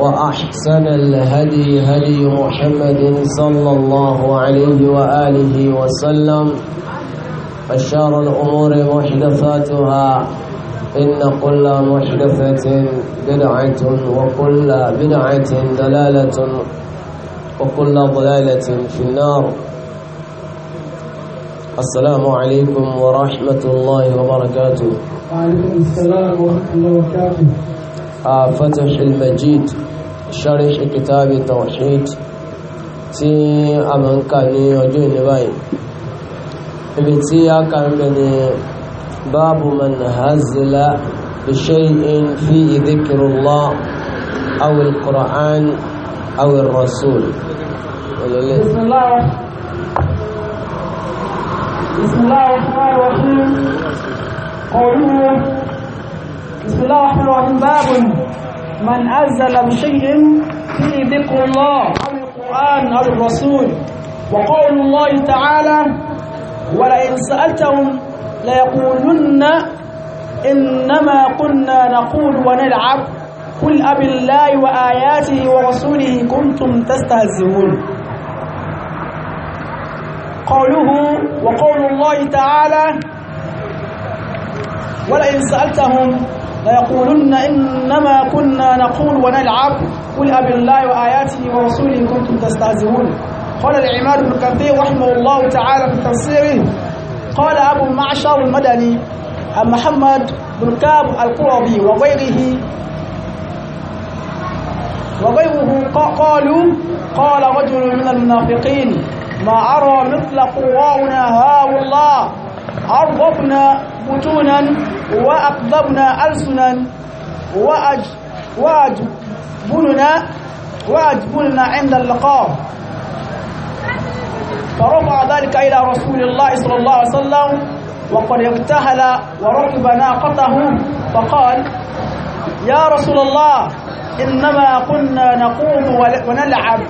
وأحسن الهدي هدي محمد صلى الله عليه وآله وسلم فشار الأمور محدثاتها إن كل محدثة بدعة وكل بدعة دلالة وكل ضلالة في النار السلام عليكم ورحمة الله وبركاته وعليكم السلام ورحمة الله وبركاته آه، فتح المجيد شرح كتاب التوحيد tí a máa ń kà ní ọjọ́ ìní báyìí ibi tí a kà ń bẹ ní báàbù man hazila bi shay'in fi dhikrullah aw al-Qur'an aw ar-Rasul بسم الله الرحمن الرحيم قولوا بسم الله الرحمن الرحيم من أزل بشيء في ذكر الله أو القرآن أو الرسول وقول الله تعالى ولئن سألتهم ليقولن إنما كنا نقول ونلعب قل أب الله وآياته ورسوله كنتم تستهزئون قوله وقول الله تعالى ولئن سألتهم ليقولن إنما كنا نقول ونلعب قل أبي الله وآياته ورسوله إن كنتم تستهزئون قال العماد بن كثير رحمه الله تعالى في تفسيره قال أبو معشر المدني عن محمد بن كعب القرظي وغيره وغيره قالوا قال رجل من المنافقين ما أرى مثل قواؤنا هاو الله عرضبنا بطونا وأقضبنا ألسنا وأج وأجبننا وأجبننا عند اللقاء فرفع ذلك إلى رسول الله صلى الله عليه وسلم وقد ابتهل وركب ناقته فقال يا رسول الله إنما كنا نقوم ونلعب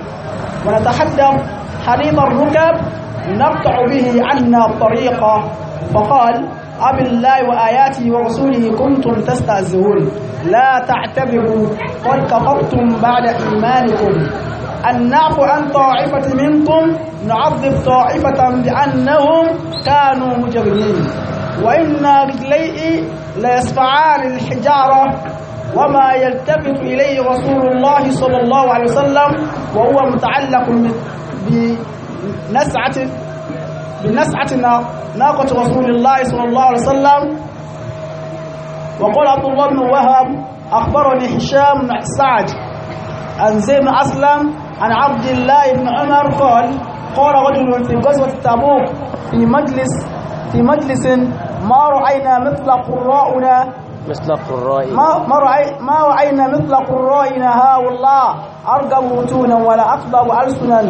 ونتحدث حليم الركب نقطع به عنا الطريقة فقال أب الله وآياته ورسوله كنتم تستهزئون لا تعتبروا قد كفرتم بعد إيمانكم أن نعفو عن طائفة منكم نعذب طائفة بأنهم كانوا مجرمين وإن رجلي ليسفعان الحجارة وما يلتفت إليه رسول الله صلى الله عليه وسلم وهو متعلق بنسعة بنسعتنا ناقة رسول الله صلى الله عليه وسلم وقال عبد الله بن وهب أخبرني حشام بن سعد عن زيد أسلم عن عبد الله بن عمر قال قال رجل في غزوة تبوك في مجلس في مجلس ما رأينا مثل قراؤنا مثل قرائنا ما ما, رأي ما رأينا مثل قرائنا ها والله أرقى متونا ولا أقبل ألسنا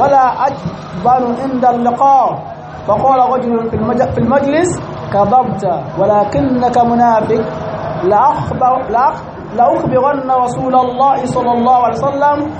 ولا أجبن عند اللقاء فقال رجل في المجلس كذبت ولكنك منافق لأخبر لأخبرن رسول الله صلى الله عليه وسلم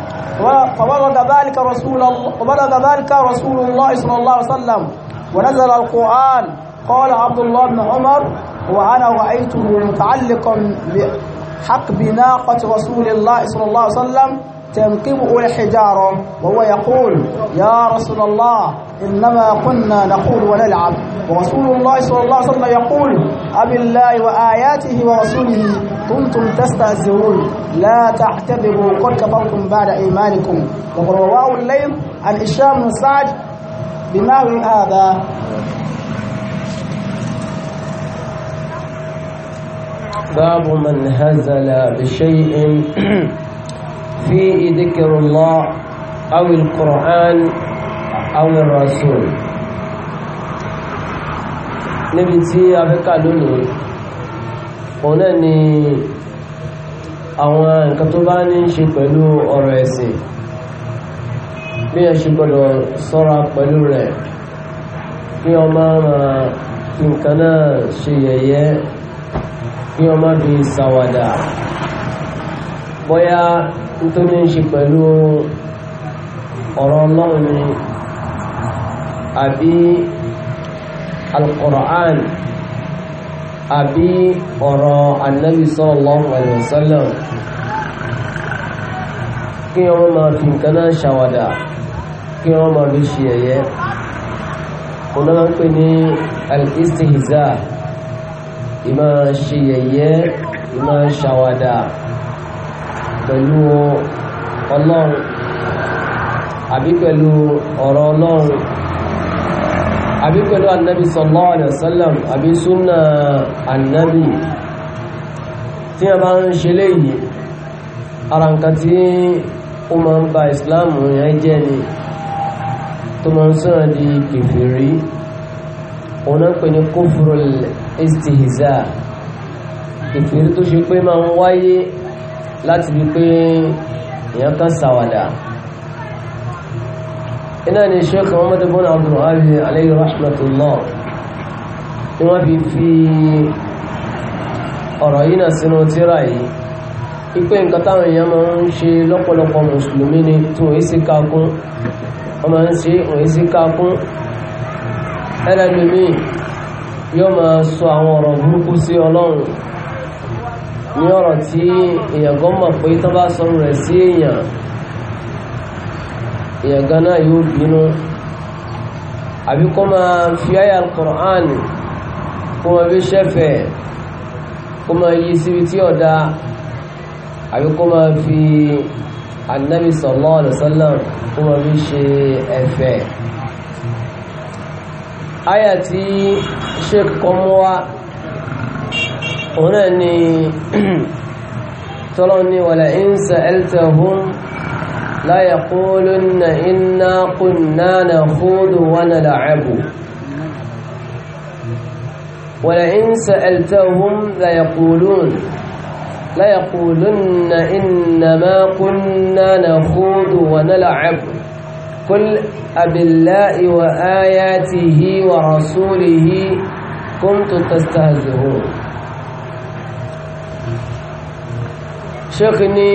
فورد ذلك رسول الله وبلغ ذلك رسول الله صلى الله عليه وسلم ونزل القرآن قال عبد الله بن عمر وأنا رأيته متعلقا بحق بناقة رسول الله صلى الله عليه وسلم تنقبه الحجارة وهو يقول يا رسول الله إنما كنا نقول ونلعب ورسول الله صلى الله عليه وسلم يقول أب الله وآياته ورسوله كنتم تستهزئون لا تعتبروا قد كفرتم بعد إيمانكم وقد رواه الليل عن هشام بن سعد بنحو هذا باب من هزل بشيء فيه ذكر الله أو القرآن أو الرسول níbi tí a fẹ́ kà lónìí òun náà ni àwọn nǹkan tó bá ní ṣe pẹ̀lú ọ̀rọ̀ ẹ̀sìn bí ẹ ṣe gbọ́dọ̀ sọ́ra pẹ̀lú rẹ̀ kí ọmọ máa fi nǹkan náà ṣe yẹ̀yẹ́ kí ọmọ fi ṣàwàdà bóyá nítorí ń ṣe pẹ̀lú ọ̀rọ̀ ọlọ́run ni àbí al-Qur'an àbí ọ̀rọ̀ anabi sallallahu alaihi wasallam kí wọ́n máa fi nǹkan náà ṣàwàdà kí wọ́n máa fi ṣe ẹ̀yẹ kò náà ń pè ní al-istihza ìmáa ṣe ẹ̀yẹ ìmáa ṣàwàdà pẹ̀lú ọlọ́run àbí pẹ̀lú ọ̀rọ̀ ọlọ́run àbí pẹ̀lú annabi sallallahu alaihi wasallam àbí súnà annabi tí a bá ń ṣe léyìí ara nǹkan tí ó máa ń ba islam yẹn jẹ́ ni tó máa ń sọ̀rọ̀ di kèfèrí òun náà ní kófúrò istihza kèfèrí tó ṣe pé máa ń wáyé láti bí pé èèyàn kan sàwàdà iná ni Sheikh Muhammad ibn Abdul Wahhab alayhi rahmatullah ni wọ́n fi fi ọ̀rọ̀ yìí náà sínú tíra yìí ipe nǹkan táwọn èèyàn máa ń ṣe lọ́pọ̀lọpọ̀ mùsùlùmí ni tí wọ́n sì kakún wọ́n máa ń ṣe wọ́n sì kakún ẹlẹ́nu mi yóò máa sọ àwọn ọ̀rọ̀ burúkú sí ọlọ́run ní ọ̀rọ̀ tí èèyàn gan mọ̀ pé tó bá sọ̀rọ̀ rẹ̀ sí èèyàn èèyàn gan náà yóò bínú àbí kó máa fi àyà alukur'an kó máa fi ṣẹ́fẹ̀ kó máa yí síbi tí ọ̀dà àbí kó máa fi anabi sallallahu alaihi wasallam kó máa fi ṣe ẹ̀fẹ̀ àyà tí sheikh kọ́mọ́wá. قرآني تروني ولئن سألتهم لا يقولن إنا قلنا نخوض ونلعب ولئن سألتهم لا يقولون لا يقولن إنما قلنا نخوض ونلعب قل أبالله وآياته ورسوله كنت تستهزئون ṣéèkì ní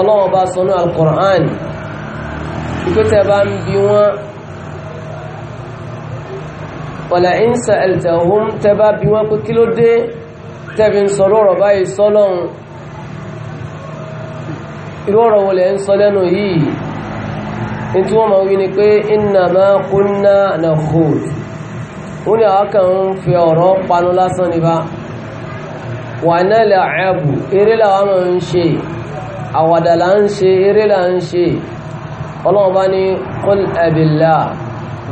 ọlọ́wọ́n bá sọ ní al-Qur'an ìpẹ́tẹ̀ bá ń bi wọ́n wàlà in sa'altahum tẹ́ bá bi wọ́n pé kí ló dé tẹ́bi ń sọ lọ́rọ̀ báyìí sọ́lọ́hun irú ọ̀rọ̀ wọlé ń sọ lẹ́nu yìí ní tí wọ́n máa wí ni pé innama kunna nakhud ó ní àwọn kan ń fi ọ̀rọ̀ panu lásán ní bá wàná làábù eré làwọn máa ń ṣe àwàdà là ń ṣe eré là ń ṣe ọlọ́run bá ní qul abillah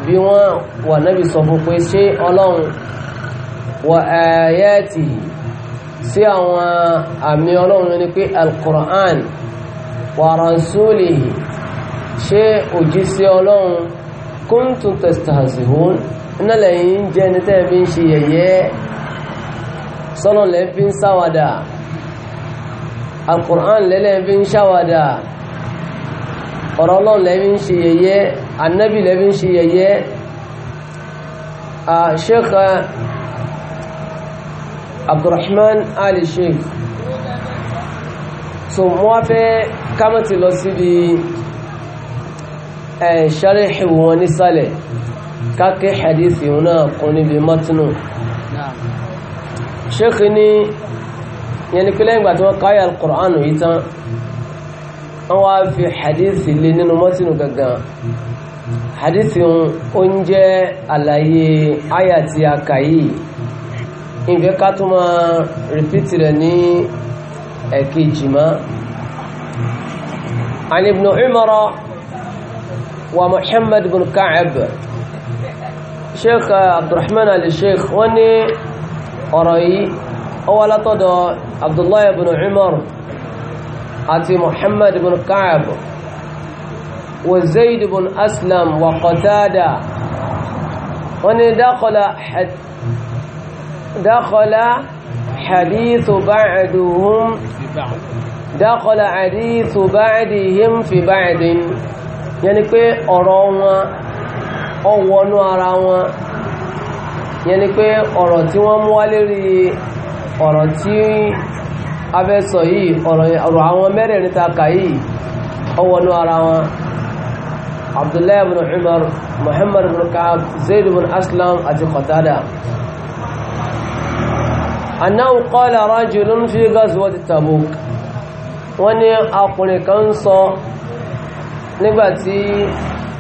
bí wọ́n wà nábì sọ fún pé ṣé ọlọ́run wà ayati sí àwọn àmì ọlọ́run ní pé alquran wa rasulihi ṣé òjíṣẹ́ ọlọ́run kuntum tastahzihun náà lẹ́yìn jẹ́ ní tẹ́ẹ̀ ń ṣe yẹ̀yẹ́ sọ́nà lẹ́ fi ń sáwàdà alkùrán lẹ́lẹ́ fi ń sáwàdà ọ̀rọ̀ ọlọ́run lẹ́ fi ń ṣe yẹ̀yẹ́ annabi lẹ́ fi ń ṣe yẹ̀yẹ́ sheikh uh, abdulrahman ali sheikh so mo wá fẹ́ kámẹ́tì lọ síbi ṣarẹ́hì eh, wọn nísàlẹ̀ káàkiri hadith yìí náà kún níbi mọ́tínú ṣéèkì ní yẹn ni pé lẹ́yìn ìgbà tí wọ́n káyà alukur'an yìí tán wọ́n wá fi hadithi lé nínú mọ́tínú gangan hadithi ó ń jẹ́ àlàyé àyà tí a kà yìí ìfẹ́ ká tó máa rìpítì rẹ̀ ní ẹ̀kejì mọ́ عن ابن عمر ومحمد بن كعب شيخ عبد الرحمن الشيخ وني ọ̀rọ̀ yìí ó wá látọ̀dọ̀ abdullahi ibn umar àti muhammad ibn ka'ab wa zayd ibn aslam wa qatada wọ́n ní dákọ̀lá dákọ̀lá hadithu ba'duhum dákọ̀lá hadithu ba'dihim fi ba'din yẹni pé ọ̀rọ̀ wọn ó ara wọn yẹn ni pé ọ̀rọ̀ tí wọ́n mú wá lérí ọ̀rọ̀ tí a fẹ́ sọ yìí ọ̀rọ̀ àwọn mẹ́rẹ̀ẹ̀rin ta kà yìí ọwọ́nú ara wọn abdullahi ibn umar muhammad ibn ka'ab zayd ibn aslam àti qatada annahu qala rajulun fi ghazwati tabuk wọ́n ní akùnrin kan sọ nígbàtí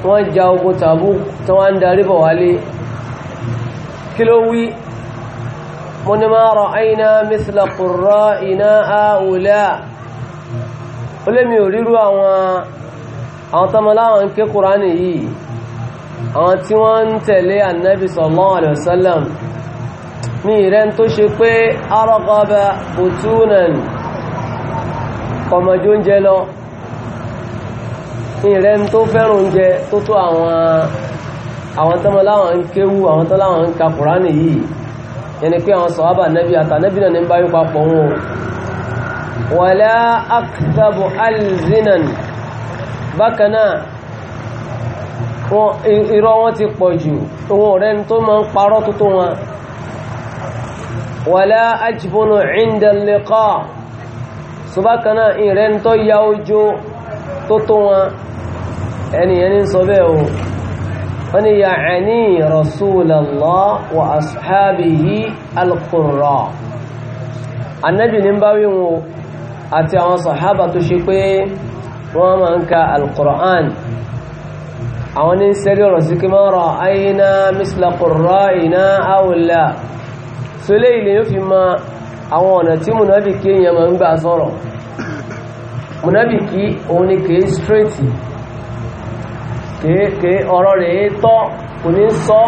wọ́n ja ogun tabuk tí wọ́n ń darí bọ̀ wálé kí ló wí mo ní máa rọ àìná mísìlá kùrọ iná àwòlá ó lé mi ò ríru àwọn àwọn tọmọláwọn ń ké kùránì yìí àwọn tí wọ́n ń tẹ̀lé ànábì sallallahu alaihi wasallam ní ìrẹ́ tó ṣe pé arọ́gọ́bẹ̀ òtúnàn kọmọjú oúnjẹ lọ ní ìrẹ́ tó fẹ́ràn oúnjẹ tó tó àwọn àwọn tọ́mọ láwọn ń kéwú àwọn tọ́ láwọn ń ka kùránì yìí yẹni pé àwọn sọ̀hábà nẹ́bí àtànẹ́bí náà ní bá yípa pọ̀ wọn wala aktabu alzinan bákan náà wọn ti pọ̀ jù ohun ọ̀rẹ́ tó máa ń parọ́ tó tó wọn wala ajbunu inda liqa so bákan náà ojú tó tó wọn ẹnìyẹn ní sọ bẹ́ẹ̀ o wọ́n ni ya'ani rasulallah wa ashabihi alqurra annabi ní bá wíwọ àti àwọn sàhábà tó ṣe pé wọ́n máa ń ka alqur'an àwọn ní sẹ́rí ọ̀rọ̀ sí kí mọ́rọ̀ ayiná misla qurra iná awùlá so lè ilé yóò fi ma àwọn ọ̀nà tí munafiki èèyàn máa ń gbà sọ̀rọ̀ munafiki òun ni kìí straight kèékèé ọ̀rọ̀ rẹ̀ tọ́ kò ní sọ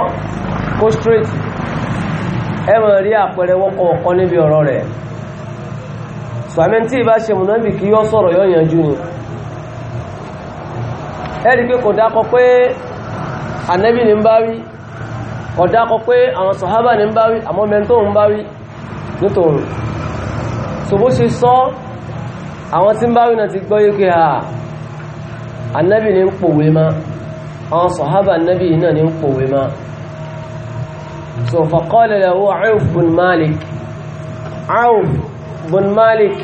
kó straight ẹ mọ̀ rí àpẹẹrẹ wọ́kọ̀ ọ̀kan níbi ọ̀rọ̀ rẹ̀ sàmì tí ìbá ṣe mùnábì kí yọ sọ̀rọ̀ yọ yanjú ni ẹ̀rí pé kò dákọ pé ànábì ní ń bá wí kò dákọ pé àwọn sàhábà ní ń bá wí àmọ́ mẹ́ntó ń bá wí nítorùn tòbó ṣe sọ àwọn tí ń bá wí náà ti gbọ́ yé pé annabi ní ń pòwe ma àwọn sọ̀hábà annabi náà ní ń pòwe ma so faqala lahu Auf bin Malik Auf bin Malik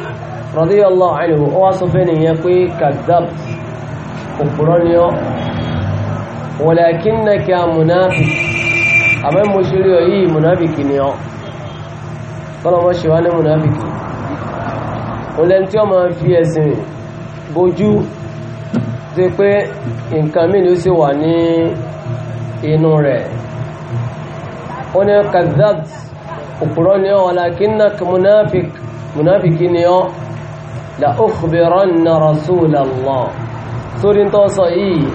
radiyallahu anhu ó wá sọ fẹ́ nìyẹn pé kadab òpùrọ́ ni ọ́ walakinnaka munafik àmọ́ mo ṣe rí ọ yìí munafik ni ọ́ kọ́lọ́mọ́ ṣe wá ní munafik ó tí ó máa fi ẹ̀sìn bojú ṣe pé nǹkan mí ni ó sì wà ní inú rẹ̀ ó ní kazabt òpùrọ́ ni ọ́ walakinnak munafik munafiki ni ọ́ la ukhbiranna rasulallah sórí tó sọ yìí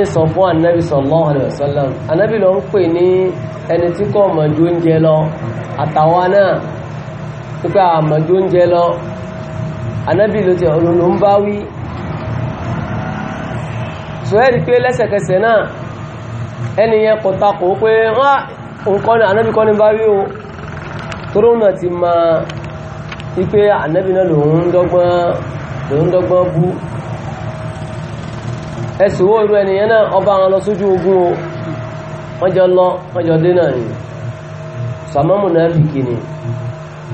ń sọ fún anabi sallallahu alaihi wasallam anabi ló ń pè ní ẹni tí kò mọ̀ oúnjẹ lọ àtàwa náà wípé àmọ̀ oúnjẹ lọ anabi ló ti ọ̀run ń bá wí so ẹ́ rí pé lẹ́sẹ̀kẹsẹ̀ náà ẹniyẹn kò takò pé wọ́n ah, nǹkan ní o tóró náà ma wípé ànábì náà lòun dọ́gbọ́n bú ẹsùn irú ẹniyẹn náà ọba àwọn lọ sójú ogun o wọ́n lọ wọ́n dé náà ni sàmọ́ mùnáfìkì ni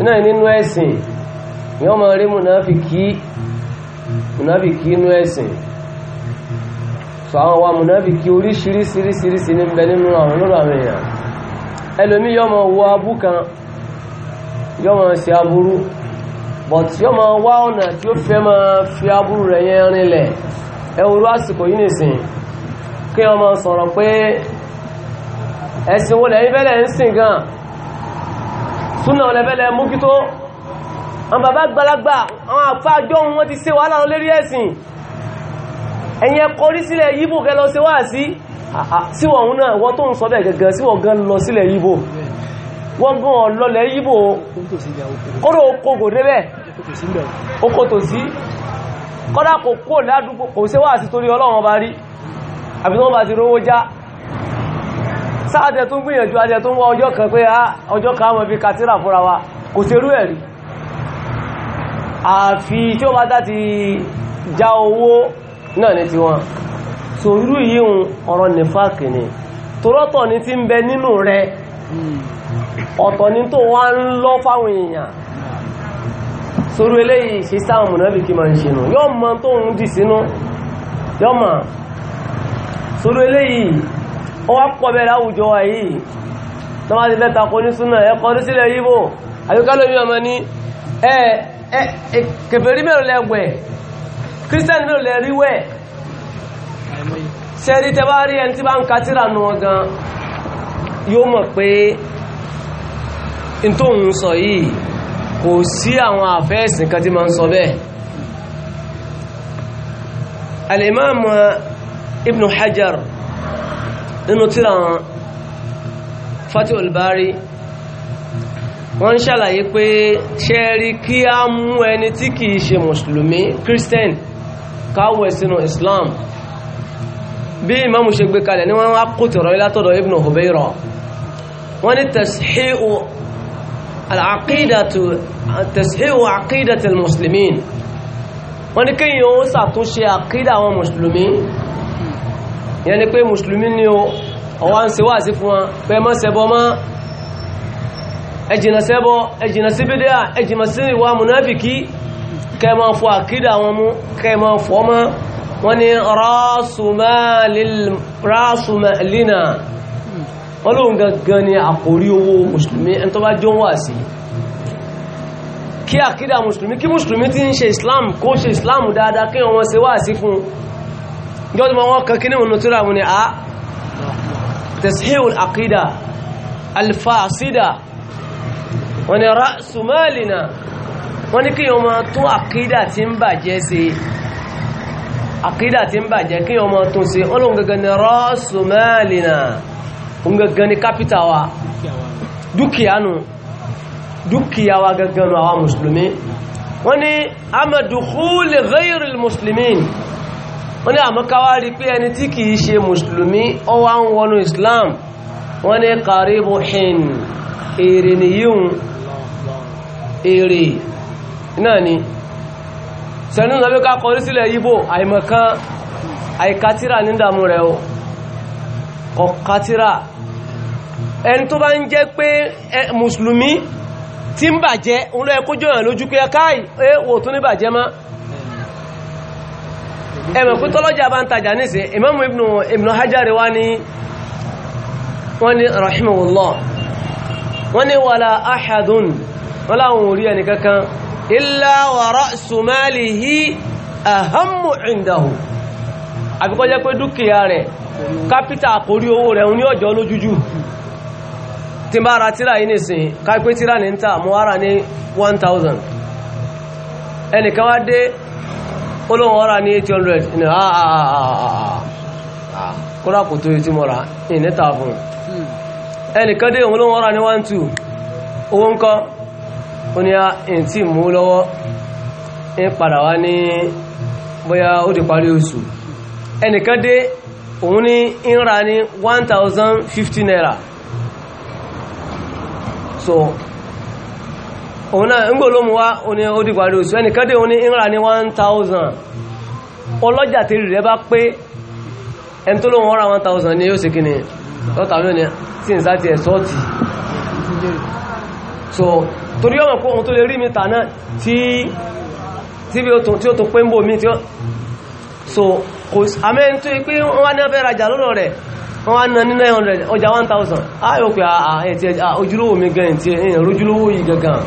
iná nínú ẹ̀sìn ni wọ́n ẹ̀sìn so àwọn wa mùnáfíkí oríṣiríṣiríṣiríṣi ní bẹ nínú àwọn lọ́rọ̀ àwọn èèyàn ẹlòmí yọmọ wọ abú kan yọmọ sí aburú but yọmọ wá ọ̀nà tí ó fẹ́ máa fi aburú rẹ̀ yẹn rinlẹ̀ ẹwùrú àsìkò yìí nìsín kí ọmọ sọ̀rọ̀ pé ẹ̀sìn wo lẹ́yìn bẹ́lẹ̀ ń sìn gan súnà ọ̀lẹ́bẹ́lẹ̀ mú àwọn bàbá àgbàlagbà àwọn àpá àjọ wọn ti ṣe wàhálà lórí ẹ̀sìn ẹ̀yẹn kọrí sílẹ̀ yíbò kẹ lọ sí wá sí síwọ̀ òun náà wọ́n tó ń sọ bẹ́ẹ̀ gẹ̀gẹ̀ síwọ̀ gan lọ sílẹ̀ yíbò wọ́n gan ọlọ́lẹ̀ yíbò kóró okògò débẹ̀ okòtòsí kọ́dá kò kó ládùúgbò kò sí wá sí torí ọlọ́run ọba rí àbí tó ń bá ti rówó já sáàdẹ̀ já owó náà ni tiwọn so irú yìí ń ọ̀rọ̀ nífàkì ni torọ́tọ̀ ni ti ń bẹ nínú rẹ ọ̀tọ̀ ni tó wá ń lọ fáwọn èèyàn sórí eléyìí ṣe sáwọn mọ̀nàbí kí máa ń ṣe nù yọ́ mọ tó ń dì sínú yọ́ mọ̀ sórí eléyìí ó wá pọ̀ bẹ̀rẹ̀ àwùjọ wa yìí tó wá ti fẹ́ takò ní súnà ẹ̀kọ́ ní sílẹ̀ yíbò àyíká lómi ọmọ ní ẹ̀ kẹfẹ́rí mẹ́rin lẹ́gbẹ̀ẹ́ Christian, ló lè rí wẹ̀ sẹ́rí tẹ́ bá rí ẹni tí bá ń ka tírà nu wọn gan yóò mọ̀ pé n sọ yìí kò sí àwọn àfẹ́ẹ̀sìn kan tí máa ń sọ bẹ́ẹ̀ alimami ibn hajar nínú tírà wọn fatihul bari wọ́n ń ṣàlàyé pé ṣe rí kí a mú ẹni tí kìí ṣe mùsùlùmí christian káwẹ̀ sínú islam bí imamu ṣe gbé kalẹ̀ ní wọ́n wá kó tẹ̀rọ látọ̀dọ̀ ibn hubayra wọ́n ni tashihu al-aqidatu tashihu aqidatu al-muslimin wọ́n ni kíyàn ó sàtúnṣe àkídà àwọn mùsùlùmí yẹn ni pé mùsùlùmí ni ó ọwá ń ṣe wá sí fún wọn pé mọ́ ṣẹbọ mọ́ ẹjìnà ṣẹbọ ẹjìnà sí bídíà sí ìwà mùnáfìkì kẹmọ fọ àkídà wọn mú kẹmọ fọ mọ́ wọ́n ní rásùmálínà wọ́n lóun gangan ni àkórí owó mùsùlùmí ẹni tó bá jọ wà sí kí àkídà mùsùlùmí kí mùsùlùmí ti ń ṣe islam kó ṣe islam dáadáa kí wọ́n ṣe wà sí fún jọ́dún wọn kan kí ní ònà tíra mú ni a tashihul àkídà alfasida wọ́n ní rásùmálínà wọ́n ní kí ọmọ tó àkídà tí ń bàjẹ́ ṣe àkídà tí ń bàjẹ́ kí ọmọ tó ṣe ọlọ́run gangan ni rọ́ọ̀sù mẹ́lìnà òun gangan ni kápítà wa dúkìá nù dúkìá wa gangan nù àwọn mùsùlùmí wọ́n ní amadukhuli ghayri mùsùlùmí wọ́n ní àmọ́káwá rí pé ẹni tí kìí ṣe mùsùlùmí ó ń wọnú islam wọ́n ní karibu hin èrè nìyíhun èrè náà ni sẹ́nu lọ́bí ká kọrí sílẹ̀ yíbò àìmọ̀kan àìkátírà ní ìdàmú rẹ̀ o ọ̀kátírà ẹni tó bá ń jẹ́ pé mùsùlùmí tí ń bàjẹ́ òun lọ́yẹ kó jọyàn lójú pé káì ẹ wò tó ní bàjẹ́ mọ́ ẹmọ̀ pé tọ́lọ́jà bá ń tajà nísìn Imam Ibn Hajar wá ní wọ́n ní rahimahullah wọ́n ní wàlá ahadun wọ́n láwọn orí ẹni kankan ilá wàrá sùmálì hí ahammu indahu àbíkọ́ jẹ́ pé dúkìá rẹ̀ kápítà àkórí owó rẹ̀ ní ọjọ́ lójújú tí bá ra tíra yìí nìsìn kápé tíra 1000 ẹnìkan wá dé olóhùn 800 ní ah, ah, ah, kóra kò tó etí mọ́ra ìníta fún hmm. ẹnìkan dé olóhùn ọ̀rà ní 12 owó ń kọ́ ó ní ẹ̀yìn tí mú lọ́wọ́ ń padà wá ní bóyá ó ti parí oṣù ẹnìkan dé òun ní 1050 naira so òun náà ń gbòlómù wá òun ní ó ti parí oṣù ẹnìkan dé òun ní ní 1000 ọlọ́jà tèrè rẹ bá pé ẹni tó lóun 1000 yóò sì kí ni lọ́tàmí ò ní sí so torí ọmọ kó ohun tó lè rí mi tàná tí tí ó tún pé ń bò mí tí ó so kò amẹ́ni tó pé wọ́n wá ní abẹ́ rajà lọ́rọ̀ rẹ̀ wọ́n wá ná ní 900 ọjà 1000 ayò pé ah, ah, ah, ojúlówó mi gan ti ẹ̀yìn rojúlówó yìí gangan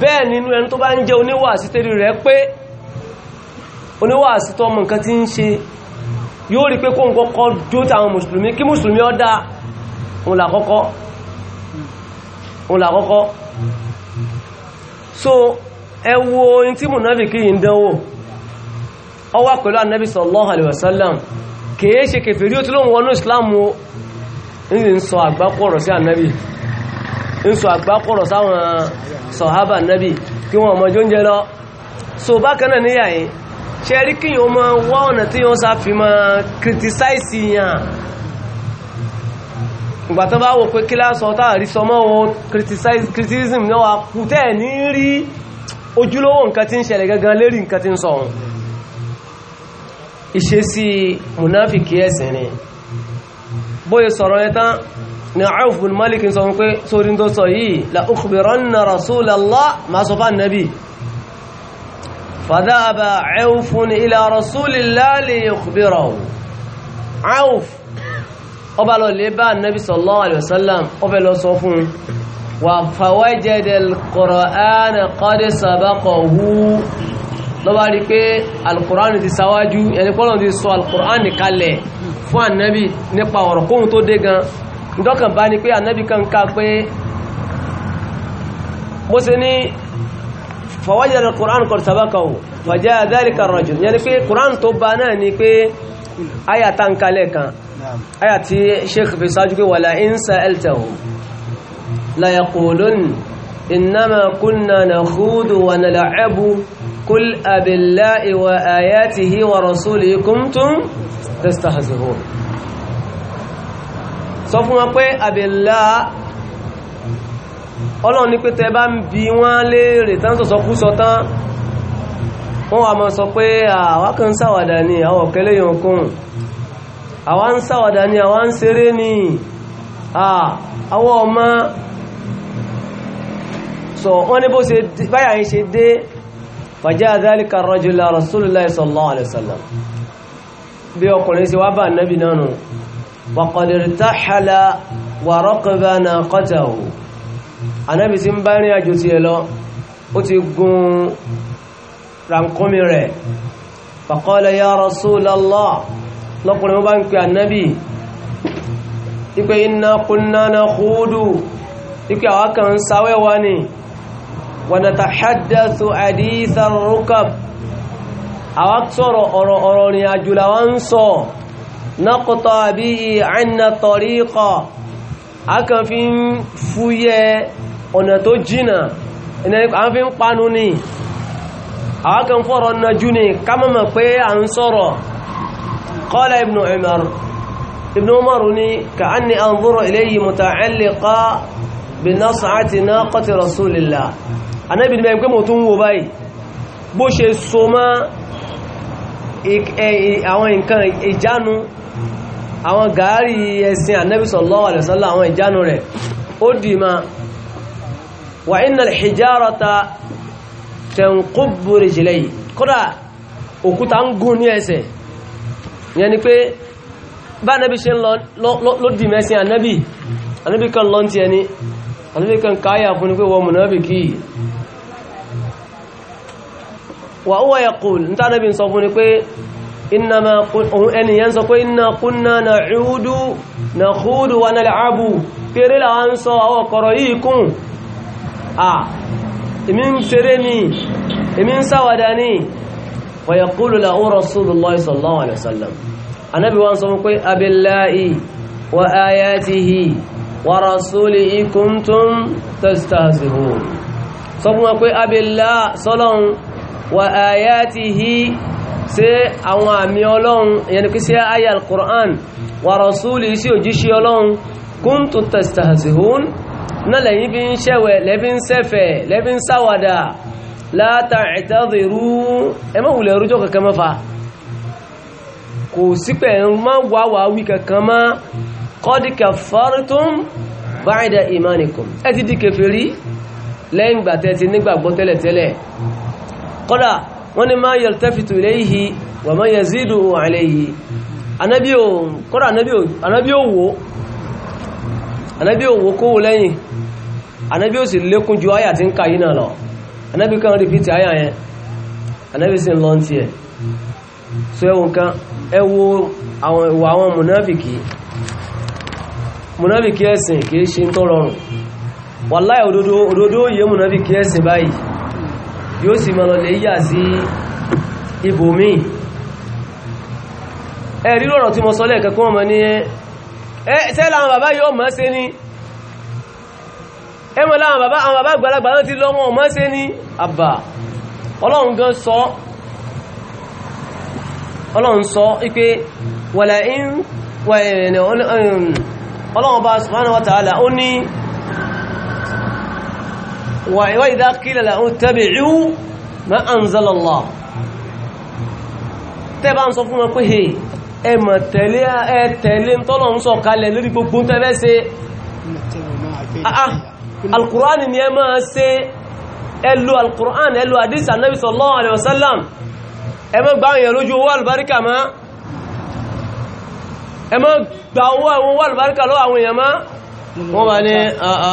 bẹ́ẹ̀ nínú ẹni tó bá ń jẹ́ oníwàásí tẹ́rí rẹ̀ pé oníwàásí tó mọ̀ nǹkan tí ń ṣe yóò rí pé kó nǹkan kọ́ jó tàwọn mùsùlùmí kí mùsùlùmí ó dá òun làkọ́kọ́ òun làkọ́kọ́ so ẹ wo ohun tí mùnáfìkì yìí ń dánwò ó wà pẹ̀lú anábì sallallahu alaihi wasallam kìí ṣe kèfèrí ó tí ló ń wọnú ìsìláàmù ń sọ àgbákọ̀rọ̀ sí anábì ń sọ àgbákọ̀rọ̀ sáwọn sọ̀hábà anábì kí wọ́n ọmọ jó ń jẹ lọ so bákan náà níyà yìí ṣe ìgbà tó bá wò pé kíláàsì ọ̀tá àrí sọmọ́ wọn criticism náà wà kú tẹ́ ní rí ojúlówó nǹkan tí ń ṣẹlẹ̀ gangan lérí nǹkan tí ń sọ ohun ìṣesí munafiki ẹ̀sìn ni bóyẹ sọ̀rọ̀ yẹn tán ni Auf bin Malik sọ pé sórí tó sọ yìí la ukhbiranna rasulallah ma sọ fán nabi fadhaba Auf ila rasulillah li yukhbirahu Auf ọba lọ lè bá nabi sallallahu alaihi wasallam ọbẹ̀ lọ sọ fún wa fawajada al-Qur'an qad sabaqahu lọ́ba rí pé al-Qur'an ti sáwájú ẹni pọ́lọ̀ ti sọ al-Qur'an kalẹ̀ fún annabi nípa ọ̀rọ̀ kóhun tó dé gan ndọ́kàn bá ní pé annabi kan ká pé bó ṣe ní fawajada al-Qur'an qad sabaqahu faja'a dhalika ar-rajul yẹni pé Qur'an tó bá náà ni pé ayatan kalẹ̀ kan ayà tí sheikh fi sáájú pé wala in sa'altahum la yaqulun innama kunna nakhudu wa nal'abu qul abillahi wa ayatihi wa rasulihi kuntum tastahzi'un sọ fún wọn pé abillah ọlọ́run ní pé tẹ bá ń bi wọ́n léèrè tán sọ̀sọ́ kú sọ tán wọ́n wà mọ́ sọ pé àwọn kan sáwàdà ni àwọn ọ̀kẹ́lẹ́yìn okùn àwa ń ṣàwàdà ni àwa ń ṣeré ni àwọn ọmọ sọ wọ́n ní bó ṣe báyà ń ṣe dé fàjá àdálìkà rọ́jùlá rasulullah sallallahu alaihi wasallam bí ọkùnrin sí wá nábi nánu wàkọ̀dìrì táhàlá wà rọ́kọ̀bá na kọ́tàwó anábi tí ń bá rí àjò tí ẹ lọ ó ti gun rankumi rẹ̀ fàkọ́lẹ̀ ya rasulallah lọ́kùnrin wọ́n bá ń pè ànábì ipé iná kúnnáná húdù ipé àwákan sáwẹ́wà ni wọ̀nà tàhádásù àdísà rúkàb àwáksọ̀rọ̀ ọ̀rọ̀ ọ̀rọ̀ ni àjùlá wá ń sọ nákọtọ̀ àbí àìnà tọ̀ríkọ̀ akan fi ń fúyẹ́ ọ̀nà tó jìnà àwọn fi ń panu ni àwákan fọ́rọ̀ ń sọ̀rọ̀ قال ابن عمر ابن عمر ني كأني أنظر إليه متعلقا بنصعة ناقة رسول الله أنا ابن ما يمكن متون وباي بوش السوما àwọn nǹkan ìjánu àwọn gàárì ẹ̀sìn ànábì sallallahu alaihi wasallam àwọn ìjánu rẹ̀ ó dì ma wa innal hijarata tanqubbu rijlayhi kódà òkúta ń gún ní ẹsẹ̀ ìyẹn ni pé bá anábì ṣe ló dì mẹ́sìn anábì anábì kan lọ́n ti ẹni anábì kan káyà fún ní pé wọ́n mùnáfíkì wà ó wáyà kùl ní tánàbì sọ fún ní pé innama ohun ẹniyàn sọ pé inna kunna na'udu nakhudu wa nal'abu péré làwọn ń sọ àwọn ọkọ̀rọ̀ yìí kún à èmi ń ṣeré ni èmi ń sáwàdà ni fayaqulu lahu rasulullah sallallahu alaihi wasallam anabi wa sọ pé abillahi wa ayatihi wa rasulihi kuntum tastahzihun sọ fún wa pé abillah sọlọ́hun wa ayatihi ṣe àwọn àmì ọlọ́hun ìyẹn kí sí ayà al-Qur'an wa rasulihi sí òjíṣẹ́ ọlọ́hun kuntum tastahzihun náà lẹ́yìn bí ń ṣẹ̀wẹ̀ lẹ́bí ń ṣẹ̀fẹ̀ lẹ́bí ń sáwàdà láta ìtàzìrú ẹmọ́ wùlẹ̀ rújọ́ kankan mọ́fà kò sípẹ̀ má wàwà wí kankan má kọ́dí kafartum báyìdá imanikum ẹ ti di kèfèrí lẹ́yìn gbàtẹ́ ti nígbàgbọ́ tẹ́lẹ̀tẹ́lẹ̀ kọ́dà wọ́n ni máa yaltafitu ilayhi wà máa yazidu alayhi anábí ò lẹ́yìn anábì kan rí fìtì àyà yẹn anábì sì ń lọ ti ẹ̀ so ẹwọ nǹkan ẹwọ àwọn ìwà àwọn mùnáfìkì mùnáfìkì ẹ̀sìn kìí ṣe ń tọ́rọrùn wàláì òdodo òdodo yẹ mùnáfìkì ẹ̀sìn báyìí yóò sì máa lọ lè yà sí ibòmíì ẹ̀rí lọ́rọ̀ tí mo sọ lẹ́ẹ̀kẹ́kọ́ ọmọ ní ẹ́ tẹ́lá àwọn bàbá yóò mọ́ sí ni ẹmọ láwọn bàbá àwọn bàbá àgbàlagbà náà ti lọ́wọ́ ọmọ ṣe ní àbà ọlọ́run gan sọ ọlọ́run sọ ipé wàlẹ̀ in ọlọ́run bá subhanahu wa ta'ala ó ní wa idha qila lahum ittabi'u ma anzala Allah tẹ́ bá ń sọ fún wọn pé tọ́lọ̀ ń sọ kalẹ̀ lórí gbogbo tẹ́lẹ́ ṣe alkùránì ni ẹ máa ṣe ẹlò alkùránì ẹlò àdísà náà sallallahu alaihi wasallam ẹ má gba àwọn èèyàn lójú owó alùbáríkà má ẹ má gba owó àwọn owó alùbáríkà lọ́wọ́ àwọn èèyàn má wọ́n bá ní àà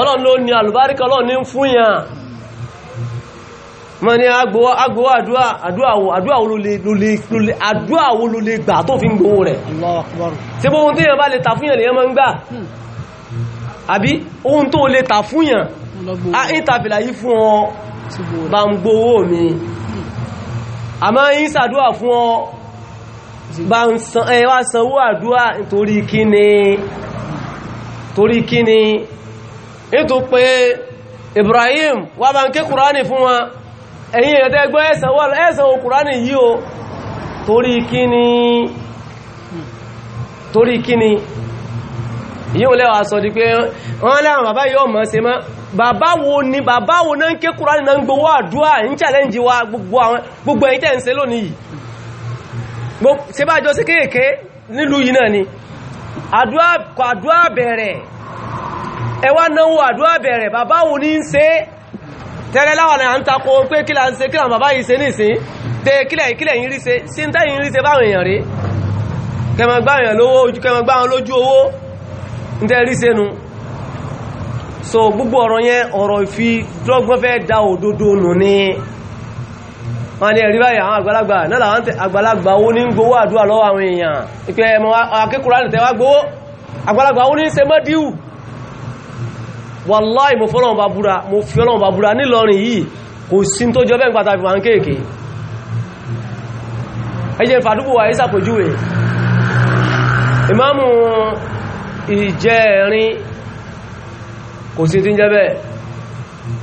ọlọ́run ló ní alùbáríkà ọlọ́run ní fún yàn ma ní agbówó àdúwà wo ló lè gbà tó fi ń gbówó rẹ̀ tí bóhun tí yàn bá lè tà fún yàn lè yàn máa ń gbà hmm àbí ohun tó lè tà fúnyàn a ń tàbílà yí fún ọ bá ń gbówó mi a máa ń sàdúwà fún ọ bá ń ẹwà sanwó àdúwà torí kíni torí kíni ètò pé Ibrahim wà bá ń ké kùránì fún wọn ẹ̀yìn ẹ̀dẹ́gbẹ́ ẹ̀sànwó kùránì yí o torí kíni torí kíni yíò lẹ́wàá sọ di pé wọ́n láwọn bàbá yóò mọ̀ ṣe mọ́ bàbá wo ni bàbá wo náà ń ké Kùránì náà ń gbowó àdúrà ń challenge wa gbogbo àwọn gbogbo lónìí yìí ṣe bá jọ sí kéèké nílùú yìí náà ni àdúrà bẹ̀rẹ̀ ẹ náwó àdúrà bẹ̀rẹ̀ bàbá wo ni ń ṣe tẹ́rẹ láwọn à ń takò pé kí là ń ṣe kí làwọn bàbá yìí ṣe nísìn tẹ kílẹ̀ kílẹ̀ yìí rí ṣe sí ń tẹ́yìn rí ṣe báwọn èèyàn rí kẹmọ gbáwọn lówó ojú kẹmọ gbáwọn lójú owó ń so gbogbo ọ̀rọ̀ yẹn ọ̀rọ̀ ìfi lọ́gbọ́n fẹ́ da òdodo nù ní wọ́n ní ẹ̀rí báyìí àwọn àgbàlagbà náà làwọn àgbàlagbà ní gbowó àdúrà lọ́wọ́ àwọn èèyàn ìpẹ́ ẹmọ akẹ́kọ̀ọ́ láti tẹ́wà gbowó àgbàlagbà ní ń ṣe mọ́díù wàláì mo kò sí tó jọ bẹ́ẹ̀ pàtàkì wọn kéèké fàdúgbò ìjẹrin kò sí tí ń jẹ́ bẹ́ẹ̀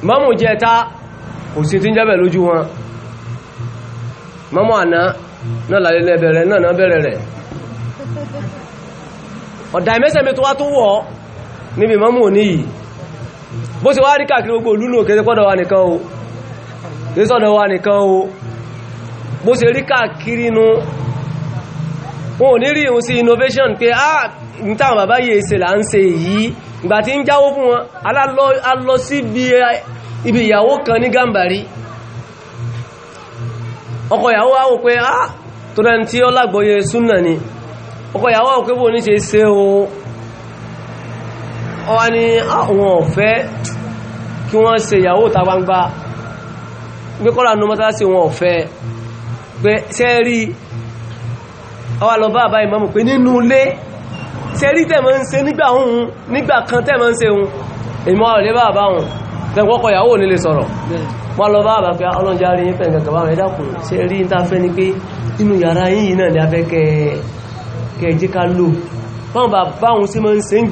mọ́mù jẹta kò sí tí ń jẹ́ bẹ́ẹ̀ lójú wọn mọ́mù àná náà lálẹ́lẹ́ bẹ̀rẹ̀ náà náà bẹ̀rẹ̀ rẹ̀ ọ̀dà ìmẹ́sẹ̀ mi tó wá tó wọ̀ níbi mọ́mù òní yìí bó ti wá rí káàkiri gbogbo olúnú òkè pọ́dọ̀ wa nìkan o kìí sọ́dọ̀ wa nìkan o bó ṣe rí káàkiri nu wọn ò ní rí ìhun sí innovation pé ah nítàwọn bàbá yìí ṣe là ń ṣe yìí ìgbà tí ń jáwó fún wọn alálọ sí ibi ìyàwó kan ní gàmbàrí ọkọ ìyàwó wá wò pé ah tó rẹ̀ tí ó lágbóyè súnà ni ọkọ ìyàwó wá wò pé bò ní ṣe ṣe o ọwá ní àwọn ọ̀fẹ́ kí wọ́n ṣe ìyàwó ta gbangba pé kọ́lá nu mọ́tàlásì wọn ọ̀fẹ́ pé ṣẹ́ẹ̀rí ọwá lọ bá àbá ìmọ̀mù pé nínú ilé sẹ́rí tẹ́ máa ń ṣe nígbà ohun nígbà kan tẹ́ máa ń ṣe ohun ìmọ̀ ọ̀lẹ́ bá bá wọn tẹ́kọ́kọ́ ìyàwó ò nílé sọ̀rọ̀ wọ́n lọ bá bàbá ọlọ́jà rí yín pẹ̀lú kàkàbà rẹ̀ dákùn ṣe rí ń tafẹ́ ni pé inú yàrá yìí náà ni a fẹ́ kẹjẹ́ ká lò báwọn bàbá òun sí máa ń ṣe ni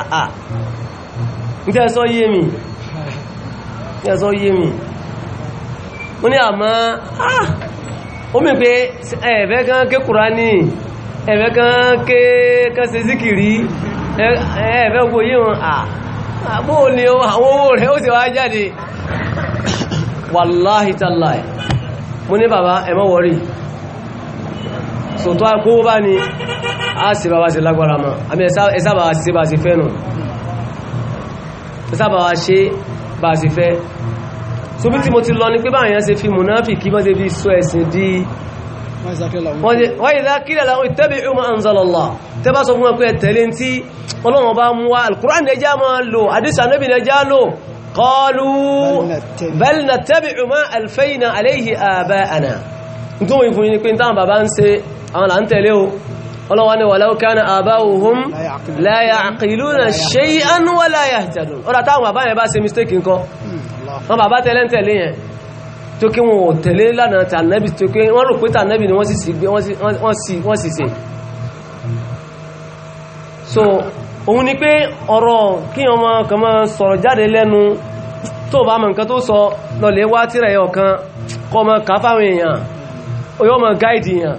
àà ń tẹ́ sọ yé mi ní ẹ̀sọ́ yé mi mo ní àmọ́ ah, ó mì pé ẹ̀ẹ̀fẹ́ kan ké Kùránì ẹ̀ẹ̀fẹ́ kan ké kan ṣe síkìrí ẹ̀ẹ̀fẹ́ gbogbo yí wọn àbó ah, ah, ni àwọn owó rẹ̀ ó sì wá jáde wàláhì tàláì mo ní bàbá ẹ má wọrí sòtọ́ àkówó bá ní a sì bá wá sí lágbára mọ́ àmì ẹ̀sábà sí bá sí fẹ́nu ẹ̀sábà wá ṣe bá ṣe fẹ́ so bí tí mo ti lọ ní pé báyàn ṣe fi mùnáfìkí bá ṣe fi sọ ẹ̀sìn di wọ́n yìí dákílẹ̀ láwọn ittabi'u ma anzalallah tẹ́ bá sọ fún ẹkùn ẹ̀tẹ̀lé tí ọlọ́wọ́n bá mú wá ọlọ́wọ́ ni walau kana aba'uhum la ya'qiluna shay'an wa la yahtadun ọ̀rọ̀ táwọn bàbá yẹn bá ṣe mistake nǹkan wọn bàbá tẹ́lẹ̀ ń tẹ̀lé yẹn tó kí wọn ò tẹ̀lé lánàá tànẹ́bì tó kí wọ́n rò pé tànẹ́bì ni wọ́n sì sì gbé so òun ni pé ọ̀rọ̀ kí ọmọ kan máa sọ̀rọ̀ jáde lẹ́nu tó bá mọ̀ tó sọ lọ́lẹ̀ wá tírẹ̀ ọ̀kan kọ́ ọmọ kàáfàwọn èèyàn oyọ́ ọmọ gáìdì èèyàn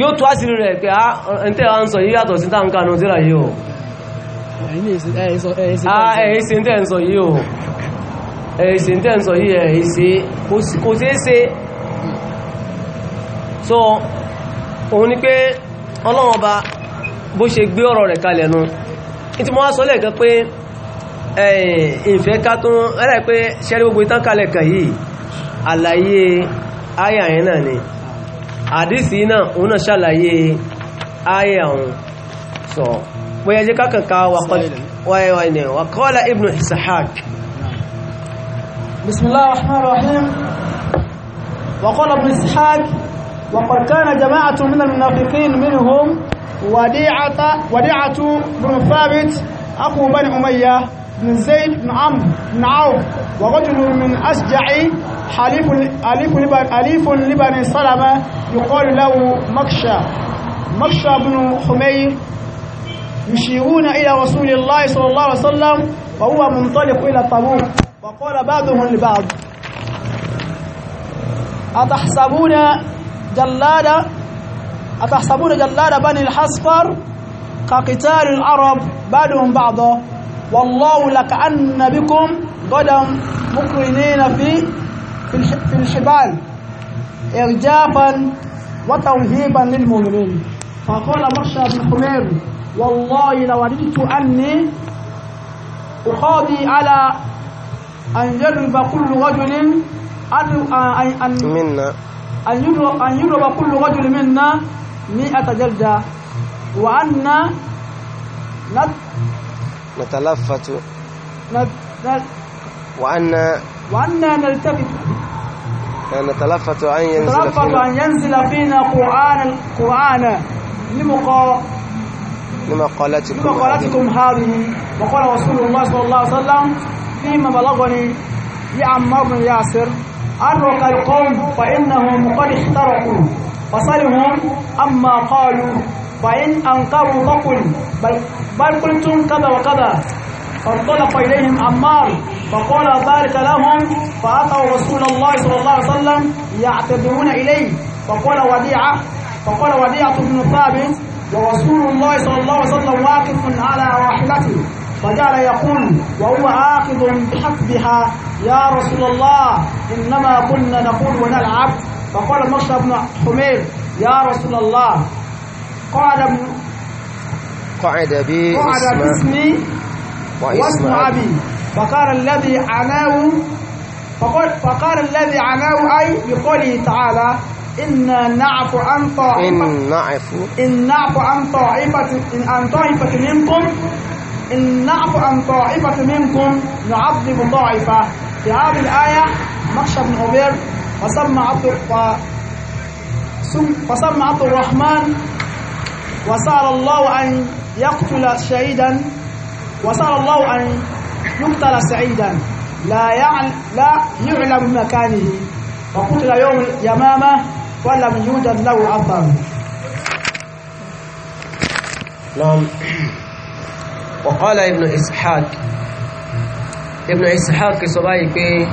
yóò tó àṣírí rẹ̀ pé á ẹ̀ntẹ́ à ń sọ yí yàtọ̀ sí táǹkà náà tíra yìí o ẹ̀yìn sí tẹ́ ń sọ yìí o ẹ̀yìn sí tẹ́ ń sọ yìí ẹ̀yìn sí kò sí ṣe so òun ni pé ọlọ́wọ́n ba bó ṣe gbé ọ̀rọ̀ rẹ̀ kalẹ̀ nu ìtí mo wá sọ lẹ́ẹ̀kan pé ìfẹ́ ká tó ẹ̀rẹ́ pé ṣẹ́rí gbogbo ìtànkálẹ̀ kan yìí àlàyé áyà yẹn náà ni àdísì náà òun náà ṣàlàyé ayé àwọn sọ bóyá jẹ́ kákàkà wàkọ́lá ibn ishaq bismillah rahman rahim wàkọ́lá ibn ishaq وقد كان جماعة من المنافقين منهم وديعة وديعة بن ثابت أخو بن أمية بن زيد بن عمرو بن عوف ورجل من أشجع حليف أليف أليف لبني سلمة يقال له مكشى مكشى بن حمير يشيرون إلى رسول الله صلى الله عليه وسلم وهو منطلق إلى طابوت وقال بعضهم لبعض أتحسبون جلاد أتحسبون جلاد بني الحصفر كقتال العرب بعضهم بعضا والله لكأن بكم غدا مقرنين في في الحبال إرجافا وتوهيبا للمؤمنين فقال بشر بن حمير والله لوددت أني أقاضي على أن يضرب كل رجل أن أن منا أن يضرب أن يضرب كل رجل منا 100 جلدة وأن نتلفت نتل... وأن وأن نلتفت نتلفت أن ينزل نتلفت فينا أن ينزل فينا قرآن القرآن لمقا لما قالتكم لما قالتكم هذه وقال رسول الله صلى الله عليه وسلم فيما بلغني يا عمار بن ياسر أدرك القوم فإنهم قد اخترقوا فصلهم أما قالوا فإن أنكروا فقل بل بل قلتم كذا وكذا فانطلق إليهم عمار فقال ذلك لهم فأتوا رسول الله صلى الله عليه وسلم يعتذرون إليه فقال وديعة فقال وديعة بن ثابت ورسول الله صلى الله عليه وسلم واقف على راحلته فجعل يقول وهو آخذ بحسبها يا رسول الله إنما كنا نقول ونلعب فقال مصعب بن حمير يا رسول الله قال قعد بي قعد باسمي واسم أبي فقال الذي عناه فقال, فقال الذي عناه أي بقوله تعالى إن نعف عن طائفة إن نعف إن نعف عن طائفة عن طائفة منكم إن نعف عن طائفة منكم نعذب طائفة في هذه الآية مخشى بن عبير وسمى عبد فسمى عبد الرحمن وسأل الله أن يقتل شهيدا وسأل الله أن يقتل سعيدا لا لا يعلم مكانه وقتل يوم اليمامة ولم يوجد له أثر نعم وقال ابن إسحاق ابن إسحاق صبايكي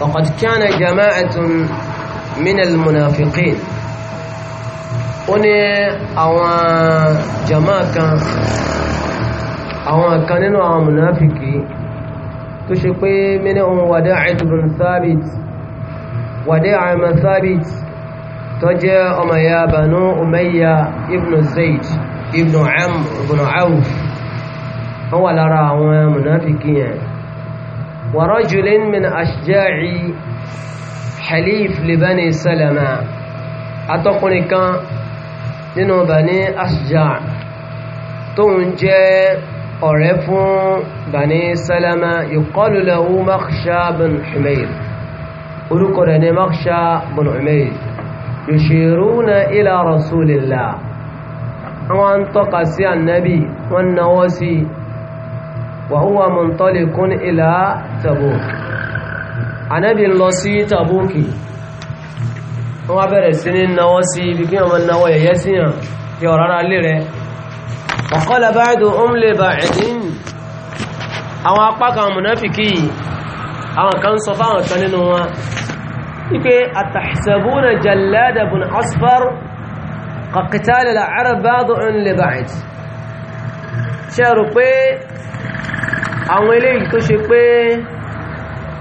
فقد كان جماعة من المنافقين ó ní àwọn jama kan àwọn kan nínú àwọn mùnáfìkì tó ṣe pé mẹ́rin ohun wàdá àìdùbùn sábìt wàdá àìmọ̀ sábìt tó jẹ́ ọmọ ya banu umayya ibn zayd ibn am ibn auf wọ́n wà lára àwọn mùnáfìkì yẹn wa rajulin min ashja'i halif libani salama atọ́kùnrin nínú bani asjà tóun jẹ́ ọ̀rẹ́ fún bani salama yuqalu lahu maksha bin humayr orúkọ rẹ̀ ní maksha bin humayr yushiruna ila rasulillah wọ́n ń tọ́ka sí annabi wọ́n náwọ́ sí wa huwa muntalikun ila annabi lọ sí tabuki wọ́n wá bẹ̀rẹ̀ sí ní náwọ́ sí ibi kí ọmọ náwọ́ yẹ̀yẹ́ sí yàn kí ọ̀rọ̀ ara lè rẹ̀ ọ̀kọ́lá báyìí ó ń lè bà ẹ̀dín àwọn apá kan mùnáfìkì yìí àwọn kan sọ fáwọn kan nínú wọn wípé àtàṣẹ̀bùnà jàlẹ́dàbùn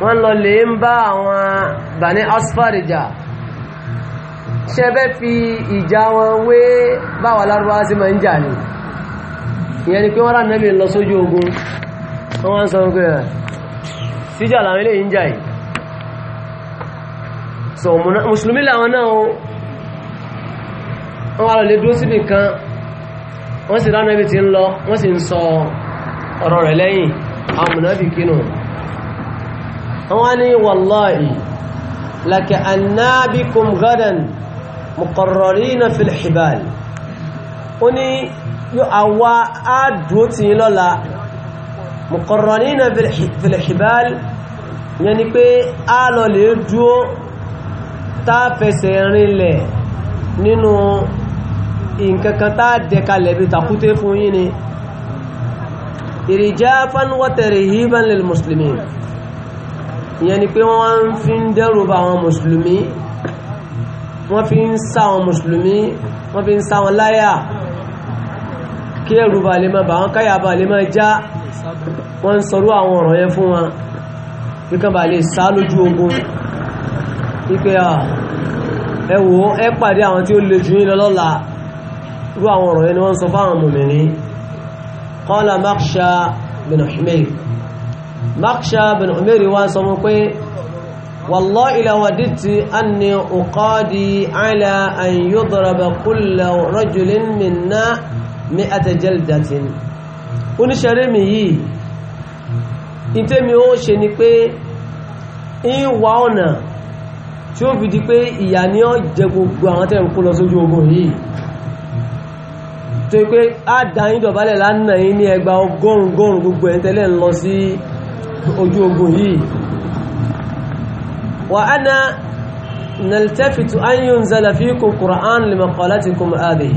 wọ́n lọ lè ń bá àwọn bani asfar jà ṣe bẹ́ fi ìjà wọn wé báwa lárúbáwá sí máa ń jà ní ìyẹn ni pé wọ́n rà nẹ́bí lọ sójú ogun wọ́n wá ń sọ pé síjà làwọn eléyìí ń yìí so mùsùlùmí làwọn náà wọ́n wá lọ lè dúró síbì kan wọ́n sì rá nẹ́bí ti ń lọ wọ́n sì ń sọ ọ̀rọ̀ rẹ̀ lẹ́yìn àwọn mùnàbí kínú wọ́n wá ní wàláì laka annabikum gadan muqarrarina fil hibal ó ní àwa àádùó ti yí lọ́la muqarrarina fil hibal yẹn ni pé a lọ lè dúó tá fẹsẹ̀ rinlẹ̀ nínú nkankan tá dẹ̀kalẹ̀ bí takúté fún yí ni ìrìjáfán wa tarhiban lil muslimin ìyẹn ni pé wọ́n fi ń dẹ́rù bá àwọn mùsùlùmí wọ́n fi ń sá wọn mùsùlùmí wọ́n fi ń sá wọn láyà kí ẹ̀rù bà lè máa bà wọn káyà bà lè máa já wọ́n ń sọrú àwọn ọ̀rọ̀ yẹn fún wọn kíkan bà lè sá lójú ogun wípé ẹ wò ó ẹ pàdé àwọn tí ó le jù yín lọ àwọn ọ̀rọ̀ yẹn ni wọ́n sọ fáwọn mùmìnì qala Maksha bin Humayr Maksha bin Humayr wá sọ mọ́ pé والله لو وددت أني أقاضي على أن يضرب كل رجل منا مئة جلدة oníṣẹ́rẹ́ mi yìí ìtẹ́mi ó ṣe ni pé ń wà ọ̀nà tí ó fi di pé ìyà ní ọ jẹ gbogbo àwọn tẹ́ ń kó lọ sójú ogun yìí tó pé á dá yín dọ̀bálẹ̀ lánàá yín ní ẹgbà ọgọ́rùn-ún gbogbo ẹ̀ńtẹ́lẹ̀ ń lọ sí ojú ogun yìí وأنا نلتفت أن ينزل فيكم قرآن لمقالتكم هذه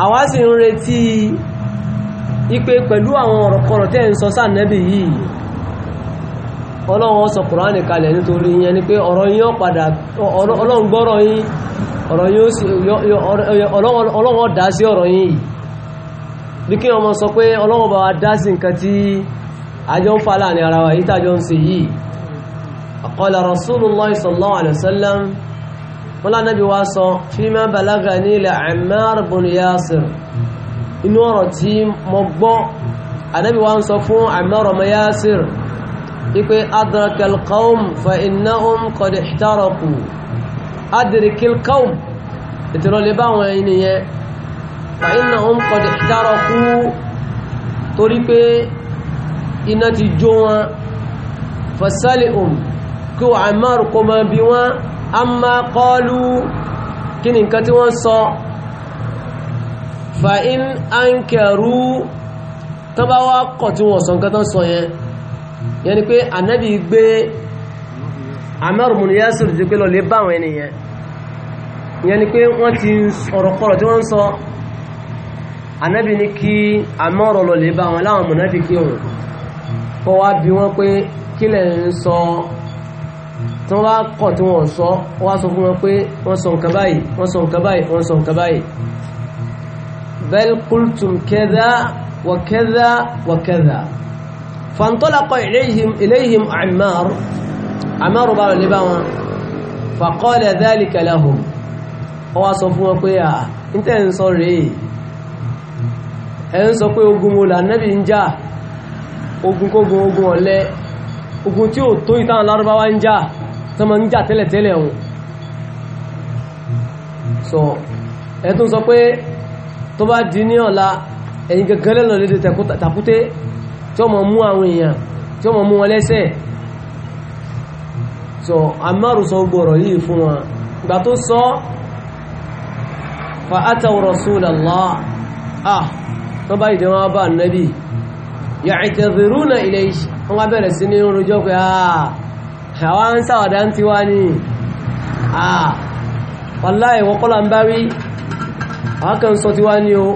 أواسي نريتي ipe pẹ̀lú àwọn ọ̀rọ̀ kọ̀rọ̀ tẹ́ ń sọ sáà yìí ọlọ́run sọ kùránì kalẹ̀ nítorí yẹn ni pé ọ̀rọ̀ yín padà ọlọ́run gbọ́rọ̀ yín ọ̀rọ̀ yín ó ọlọ́run dá sí ọ̀rọ̀ yín yìí bí kí ọmọ sọ pé ọlọ́run bá wa dá sí nǹkan tí àjọ ń fa láàrin ara àkọlà rasulullah sallallahu alaihi wasallam wọ́n lánàbí wá sọ fíìmá balaga ní ilẹ̀ ammar bin yasir inú ọ̀rọ̀ tí mo gbọ́ anábí wá ń sọ fún ammar ọmọ yasir ipe adrakal qawm fa innahum qad ihtaraku adrakal qawm ìtìrọlẹ̀ báwọn ẹni yẹn fa innahum qad ihtaraku torí pé iná ti jó wọn fasalihum kí wà Ammar kó mọ́ bí wọ́n amma qalu kí ni nǹkan tí wọ́n sọ fa in ankaru tó bá wá kọ̀ tí wọ́n sọ nǹkan tó sọ yẹn yẹn ni pé ànábì gbé Ammar ibn Yasir ti pé lọ lè bá àwọn ènìyàn yẹn ni pé wọ́n ti ọ̀rọ̀ tí wọ́n sọ ànábì ní kí Ammar lọ lè bá àwọn láwọn mùnáfíkí òun kọ́ wá bí wọ́n pé kílẹ̀ ń sọ tí wọ́n bá kọ̀ tí wọ́n sọ wá sọ fún wọn pé wọ́n sọ nǹkan báyìí wọ́n sọ nǹkan báyìí wọ́n sọ nǹkan báyìí bal qultum kadha wa kadha wa kadha fantalaqa ilayhim ilayhim Ammar Ammar bá lè bá wọn faqala dhalika lahum wọ́n wá sọ fún wọn pé à ah, ń tẹ́ ń sọ rèé ẹ̀ ń sọ pé ogun mo là ń jà ogun kógun ogun ọ̀lẹ ogun tí ò tó ìtàn lárúbáwá ń jà tó máa ń jà tẹ́lẹ̀tẹ́lẹ̀ ọ̀hún so ẹ̀tún sọ pé tó bá di ní ọ̀la ẹ̀yìn gẹ́gẹ́lẹ́ lọ lédè tàkúté tí ó máa mú àwọn èèyàn tí ó máa mú wọn lẹ́sẹ̀ so Ammaru sọ gbọ́rọ̀ yìí fún wọn ìgbà tó sọ fa ataw Rasulullah ah tó bá ìdí wọn bá nàbì ya'tadhiruna ilayhi wọn bẹ̀rẹ̀ sí ní orújọ́ pé ah àwa ń sàwàdà ń tiwa ní àà wàláì wọ́n kọ́lá ń bá rí àwa kan sọ tiwa ní o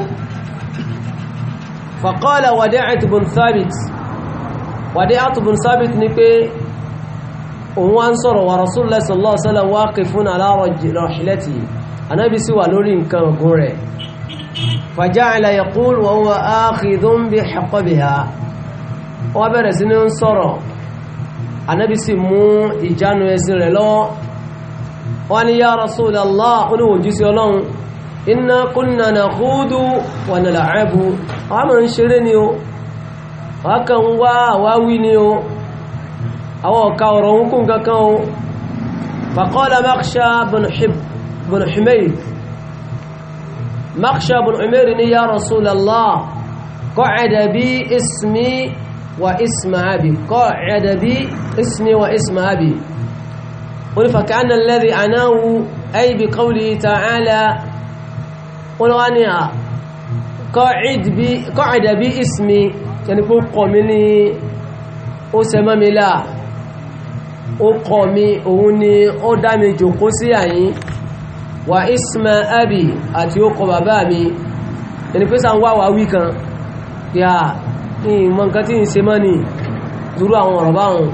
fàkọ́lá Wadi'at bun Thabit Wadi'at bun Thabit ni pé òun wá ń sọ̀rọ̀ wà Rasulullah sallallahu alaihi wasallam waqifun ala rahilatihi anábi wọ́n bẹ̀rẹ̀ sí ní ń sọ̀rọ̀ anábì sì mú ìjánu ẹsìn rẹ̀ lọ́wọ́ wọ́n ni ya Rasulullah olóòjú sí ọlọ́run inna kunna nakhudu wa nal'abu wọ́n mọ̀ ń ṣeré ni o wọ́n kàn wá àwáwí ni o àwọn ọ̀ka ọ̀rọ̀ ń kún kankan o faqala Makhsha bin Humayr Makhsha ni ya Rasulullah qa'ada bi واسم أبي قاعد بي اسمي واسم أبي قل فكأن الذي أناه أي بقوله تعالى قل أنا قاعد بي قاعد بي اسمي يعني فوق مني أسمى ملا أقوم أوني أدامي جوكوسي يعني واسم أبي أتيوكو بابامي يعني فيسا واو أوي كان يا ní ìmọ̀ nǹkan tí ń ṣe mọ́ ni dúró àwọn ọ̀rọ̀ báwọn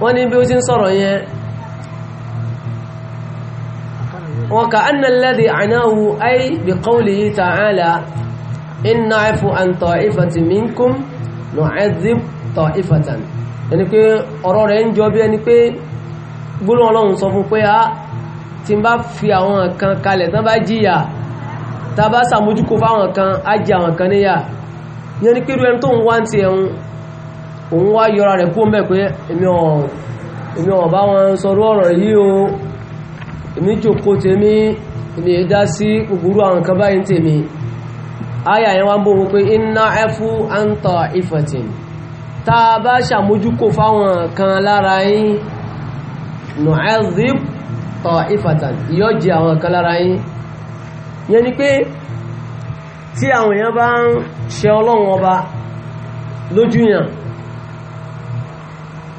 wọ́n ní bí ó ti ń sọ̀rọ̀ yẹn wọ́n ka anna alladhi anahu ay bi qawlihi ta'ala in na'fu an ta'ifatin minkum nu'adhib ta'ifatan ẹni pé ọ̀rọ̀ rẹ̀ ń jọ bí ẹni pé kan kalẹ̀ tán kan á jẹ yẹn ni pé irú ẹni tó ń wá ti ẹ̀hún òun wá yọra rẹ̀ kó mẹ́ pé èmi ò bá wọn sọ̀rọ̀ ọ̀rọ̀ yìí o èmi jókòó tèmi èmi èdá sí gbogbo àwọn nǹkan báyìí tèmi ayà yẹn wá ń bóhun pé iná ẹfú àǹtọ̀ ìfẹ̀tìn tá a bá ṣàmójúkò fáwọn kan lára yín nùhẹ́zìp tọ̀ ìfẹ̀tàn ìyọ́jì àwọn kan lára yín yẹn ni pé tí àwọn èèyàn bá ń ṣe ọlọ́run ọba lójúyàn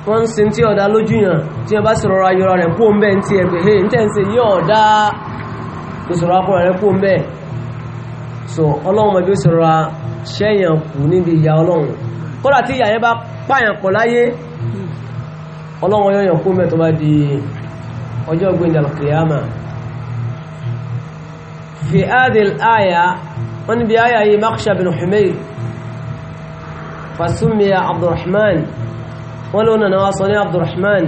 wọ́n ń sin tí ọ̀dá lójúyàn tí wọ́n bá sì rọra rẹ̀ kó ń bẹ́ẹ̀ tí ẹgbẹ̀ hey ní tẹ́ǹsẹ̀ yí ọ̀dá tó akọ̀rọ̀ rẹ̀ kó ń bẹ́ẹ̀ so ọlọ́run ọbí ó ṣẹ́yàn kù níbi ìyá ọlọ́run kódà tí ìyá yẹn bá pààyàn pọ̀ láyé ọlọ́run yọ̀yàn kó mẹ́tọ́ bá di ọjọ́ gbẹ̀ndàlùkìyàmà fi adil aya wọ́n níbi ayà yìí Makhsha bin Humayr fasumiya Abdurrahman wọ́n lónà náà sọ ní Abdurrahman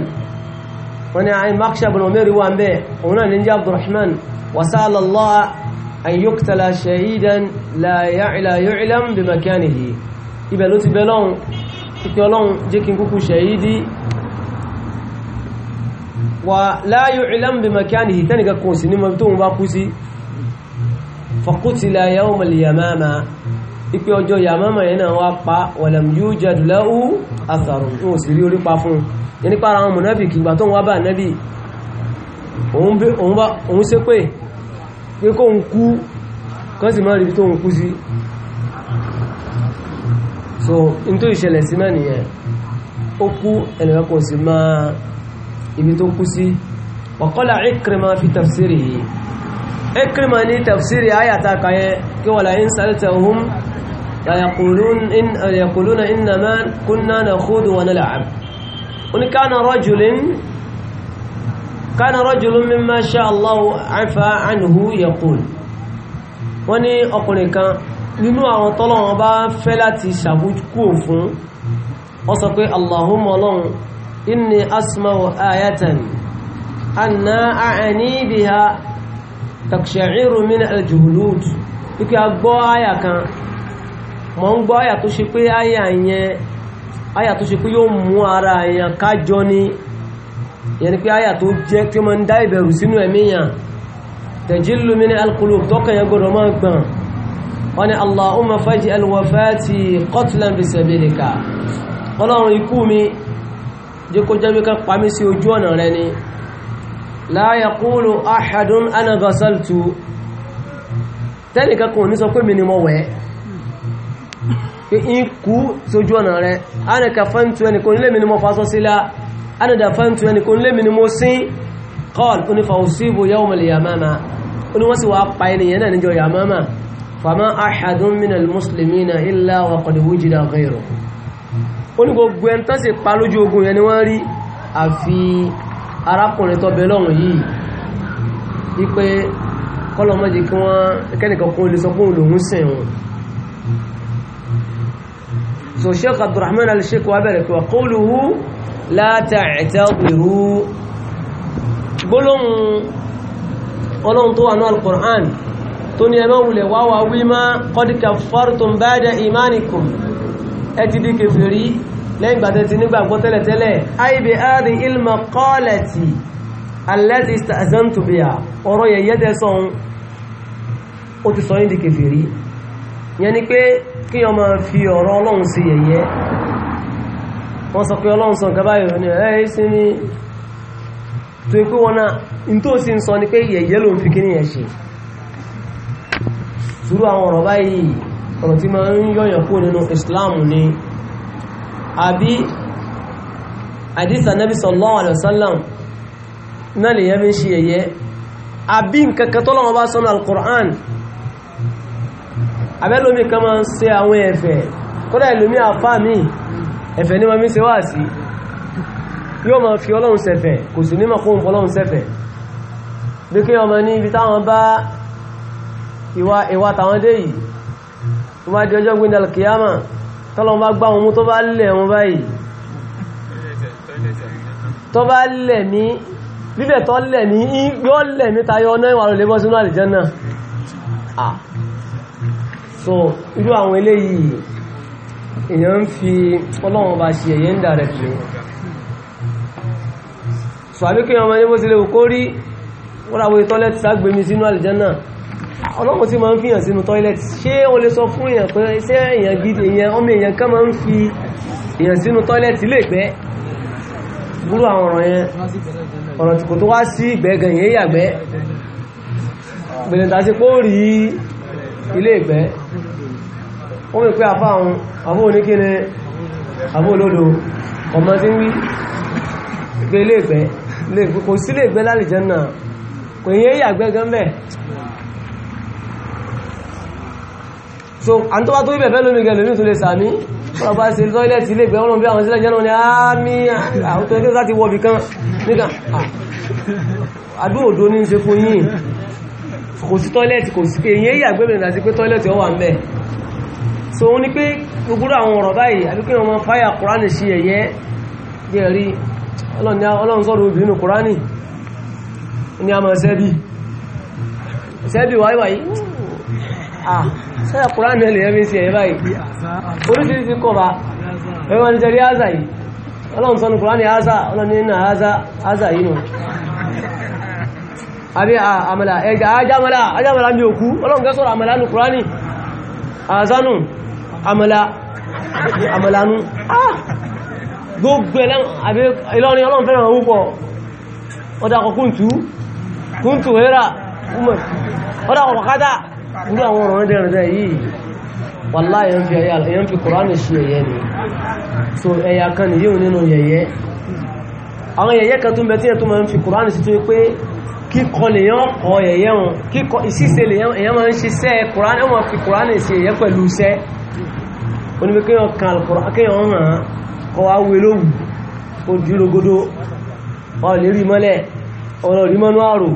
wọ́n ní ayé Makhsha bin Humayr wà ń bẹ́ òun náà ní jẹ́ Abdurrahman wasa'ala Allah an yuqtala shahidan la ya'lam ibẹ̀ ló ti bẹ́ lọ́hun kíkẹ́ ọlọ́hun jẹ́ kí n kúkú ṣẹ̀yídí wa la ya'lam bi makanihi kò sí ní mọ́ tó ń bá kú sí fakutila yawmal yamama ipe ọjọ́ yamama yẹn náà wá pa walam yujad lahu atharun tó sì rí orí pa fún yẹn nípa ara wọn mọ̀nẹ́bì kìgbà tó ń wá bá nẹ́bì òun ṣe pé pé kó ń kú kọ́ sì máa tó ń kú sí so in tó ìṣẹ̀lẹ̀ sí náà nìyẹn ó kú ẹnìyàn kò sí máa ibi tó kú sí wa qala Ikrima fi tafsirihi Ikrima ní tafsiri ayata kaye kí wala in saltahum yaquluna innama kunna nakhudu wa nal'ab oni kana rajulin kana rajulun mimma sha Allah afa anhu yaqul wani ọkùnrin kan nínú àwọn tọ́lọ́wọ́n bá fẹ́ láti ṣàbúkú òfin wọ́n sọ pé Allahumma ọlọ́run inni asma'u ayatan anna a'ani biha takṣẹ̀rù min al-juhulud wípé a gbọ́ àyà kan mọ̀ ń gbọ́ àyà tó ṣe pé àyà yẹn àyà tó ṣe pé yóò mú ara èèyàn kájọ ni yẹn ni pé àyà tó jẹ́ tí wọ́n ń dá ìbẹ̀rù sínú ẹ̀mí yàn tajillu min al-qulub gbọ́dọ̀ máa gbọ̀n wọ́n ni allahumma la yaqulu ahadun ana ghasaltu tẹ́nìkan kò ní sọ pé mi ni mo wẹ̀ pé in kú sójú ọ̀nà rẹ̀ ana kafantu ẹni kò nílé mi ni mo fasọ sílá ana dafantu ẹni kò nílé mi ni mo sín qal ó ní fa usibu yawm al ó ní wọ́n sì wá pa ènìyàn náà níjọ yamama fama ahadun minal muslimina illa wa qad wujida ghayruhu ó ní gbogbo ẹni tán sì pa lójú ogun yẹn ni wọ́n rí àfi arákùnrin tó bẹ lọ́rùn yìí wípé kọ́lọ́mọ́jì kí wọ́n kẹ́nìkan kún olè sọ pé òun lòún sìn wọn so sheikh abdulrahman al-sheikh wa bẹ̀rẹ̀ pẹ̀wà qawluhu la ta'tadiru gbólóhùn ọlọ́run tó wà ní lẹ́yìn gbàtẹ́ ti nígbàgbọ́ tẹ́lẹ̀tẹ́lẹ̀ aibe ari ilma kọ́lẹ̀tì alẹ́tì azantubia ọ̀rọ̀ yẹ̀yẹ́ tẹ́ sọ́n ó ti sọ yí di kèfèrí yẹn ni pé kí ọmọ fi ọ̀rọ̀ ọlọ́run sí yẹ̀yẹ́ wọ́n sọ pé ọlọ́run sọ gaba yìí ni ẹ̀ sí ni tó ikú àbí àdísà nábì sallallahu alaihi wasallam náà lè yẹ́ bí ń ṣe ẹ̀yẹ́ àbí nkankan tó lọ́wọ́ bá sọ́nà al-Qur'an abẹ́lómi kan máa ń ṣe àwọn ẹ̀fẹ̀ kọ́dá ìlúmí àfá mi ẹ̀fẹ̀ ní ma mi ṣe wá sí yóò máa fi ọlọ́run ṣẹ̀fẹ̀ kò sí ní makóhun tọ́lọ́wọ́n bá gbá wọn mú tó bá lẹ̀ wọn báyìí tó bá lẹ̀ mí bíbẹ̀ tó lẹ̀ mí yóò lẹ̀ mí tayọ ọ̀nà ìwà rẹ̀ lébọ́ sínú àlìjánà ah so irú àwọn eléyìí èèyàn ń fi ọlọ́wọ́n bá ṣe ẹ̀yẹ ń dàrẹ̀ fi so àbíkẹ́ ọmọ ní bó ti lè kó rí wọ́n ra wo ìtọ́lẹ̀ ti ọlọ́run tí ma ń fihàn sínú toilet ṣé o lè sọ fún èèyàn pé ṣé èèyàn gidi èèyàn ọmọ èèyàn kan ma ń fi èèyàn sínú toilet lè pẹ́ búrú àwọn ọ̀rọ̀ yẹn ọ̀rọ̀ tí kò tó wá sí ìgbẹ́gàn yẹn yàgbẹ́ gbẹ̀lẹ̀ntà sí pó rí ilé ìgbẹ́ ó mẹ́ pé àfáhùn àbó oníkíni àbó olódo ọmọ tí ń wí pé ilé ìgbẹ́ kò sí ilé ìgbẹ́ lálìjẹ́ náà kò yẹ yàgbẹ́ gan bẹ́ẹ̀ so à ń tó bá tó ibẹ̀ fẹ́ lómi gẹ̀ lómi tó lè sàmí wọ́n bá ṣe tọ́ílẹ̀tì ilé ìgbẹ̀ ọlọ́mọbí àwọn sílẹ̀ jẹ́nà ní àmì àwọn tó ẹgbẹ́ láti wọ́bì kan níkan àdúòdó ní ṣe fún yìí kò sí tọ́ílẹ̀tì kò sí èyí àgbẹ̀bẹ̀rẹ̀ àti pé toilet ọwà ń bẹ̀ so ó ní pé gbogbo àwọn ọ̀rọ̀ báyìí àbí kí wọ́n fáyà kùránì ṣe ẹ̀yẹ́ bí ẹ̀rí ọlọ́run sọ̀rọ̀ obìnrin kùránì ní a máa sẹ́bì sẹ́bì ah sẹ́yà kùránì náà lèyàn fi ṣe ẹ̀yẹ báyìí oríṣiríṣi kọba ẹ̀yẹ wọn jẹ́ rí áza yìí ọlọ́run sọ ní kùránì áza ọlọ́run ní náà áza yìí nù àbí àmàlà ẹ̀gà ajámàlà ajámàlà mi òkú ọlọ́run kẹ́ sọ̀rọ̀ àmàlà nù kùránì àzánù àmàlà àmàlà nù gbogbo ìlọrin ọlọ́run fẹ́ràn owó pọ̀ ọdá irú àwọn ọ̀rọ̀ rẹ̀ rẹ̀ yìí wàlá èyàn fi kùránì ṣe ẹ̀yẹ ni so ẹ̀yà kan ni yíò nínú yẹ̀yẹ́ àwọn yẹ̀yẹ́ kan tún bẹ tí ẹ̀ tó máa ń fi kùránì sí tó yí pé kíkọ lèyàn kọ yẹ̀yẹ́ wọn kíkọ ìṣíṣe lèyàn máa ń ṣiṣẹ́ kùránì wọn fi kùránì sí ẹ̀yẹ́ pẹ̀lú iṣẹ́ oníbi kéèyàn kan kéèyàn hàn kọ wá wé lóhùn ojú rogodo ọ̀ lè rí mọ́lẹ̀ ọ̀rọ̀ rí mọ́nú àrò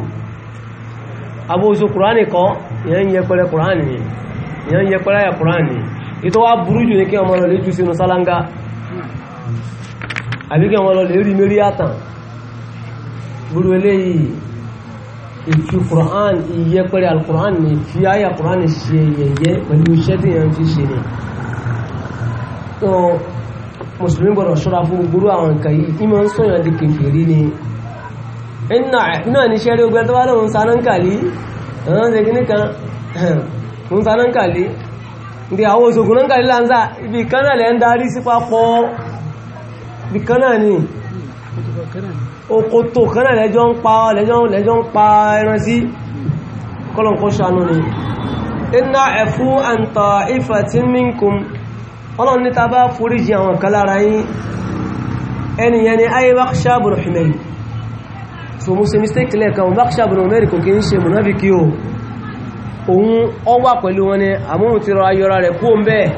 abóso kùránì kan ìyẹn ń yẹpẹrẹ kùránì ni ìyẹn ń yẹpẹrẹ àyà kùránì ni ìtọ́ wá burú jù ní kí ọmọ lọ́lẹ́ jù sínú sálángá àbí kí ọmọ lọ́lẹ́ rí mérí àtàn gbúrú eléyìí ìfi kùránì ni fi àyà kùránì ṣe yẹ̀yẹ́ pẹ̀lú iṣẹ́ tí yẹn ti ṣe ni mùsùlùmí gbọ́dọ̀ ṣọ́ra fún gbúrú àwọn nǹkan yìí ìmọ̀ ń sọ̀yàn di kèfèrí ni náà ní ṣẹ́rí ogbẹ́ tó wá lóun sanúkàlí ẹ̀rọ ṣe kí nìkan ń sa náà kàlé ní àwọn òṣògùn náà kàlé láńsá ibi kan náà lẹ́ ń darí sí papọ̀ ibi kan náà ni okoto kan náà lẹ́jọ́ ń pa lẹ́jọ́ ń pa ẹran sí kọ́lọ̀kọ́ ṣàánú ni iná ẹ̀fú àǹtà ìfàtímínkùn ọlọ́run ní ta bá foríjì àwọn kan lára yín ẹniyẹni ayébá ṣáàbùrù hìmẹ̀yìn so mo ṣe mistake lẹ́ẹ̀kan o bákṣà bùnú mẹ́rin kò kí ń ṣe mùnáfíkí o òun ọ wà pẹ̀lú wọn ni àmóhun ti rọ ayọ́ra rẹ̀ kú ń bẹ́ẹ̀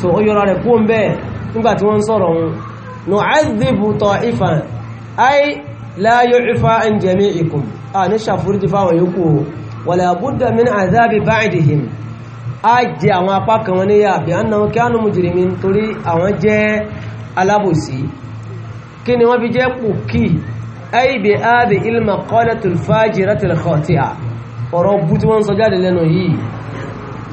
so ó yọ́ra rẹ̀ wọ́n sọ̀rọ̀ wọn nù áìdìbù tọ̀ ìfà áì láyọ̀ ìfà ń jẹ̀mí ìkùn a ní ṣàforíjì fáwọn yòókù o wàlẹ̀ àbúdà mi àzábì báìdìhìm kí ni wọ́n fi jẹ́ pòkì أي بهذه المقالة الفاجرة الخاطئة ورب تون سجاد لنا هي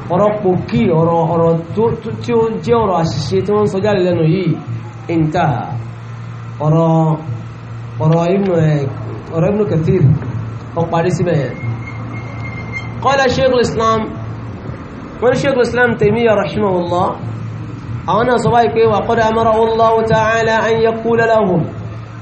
ورب كي ورب ورب تو تو جورا شيء تون سجاد لنا هي انتهى ورب ورب ابن ورب ابن كثير وقاري سبعين قال شيخ الإسلام والشيخ الإسلام تيمية رحمه الله أنا صبايك وقد أمره الله تعالى أن يقول لهم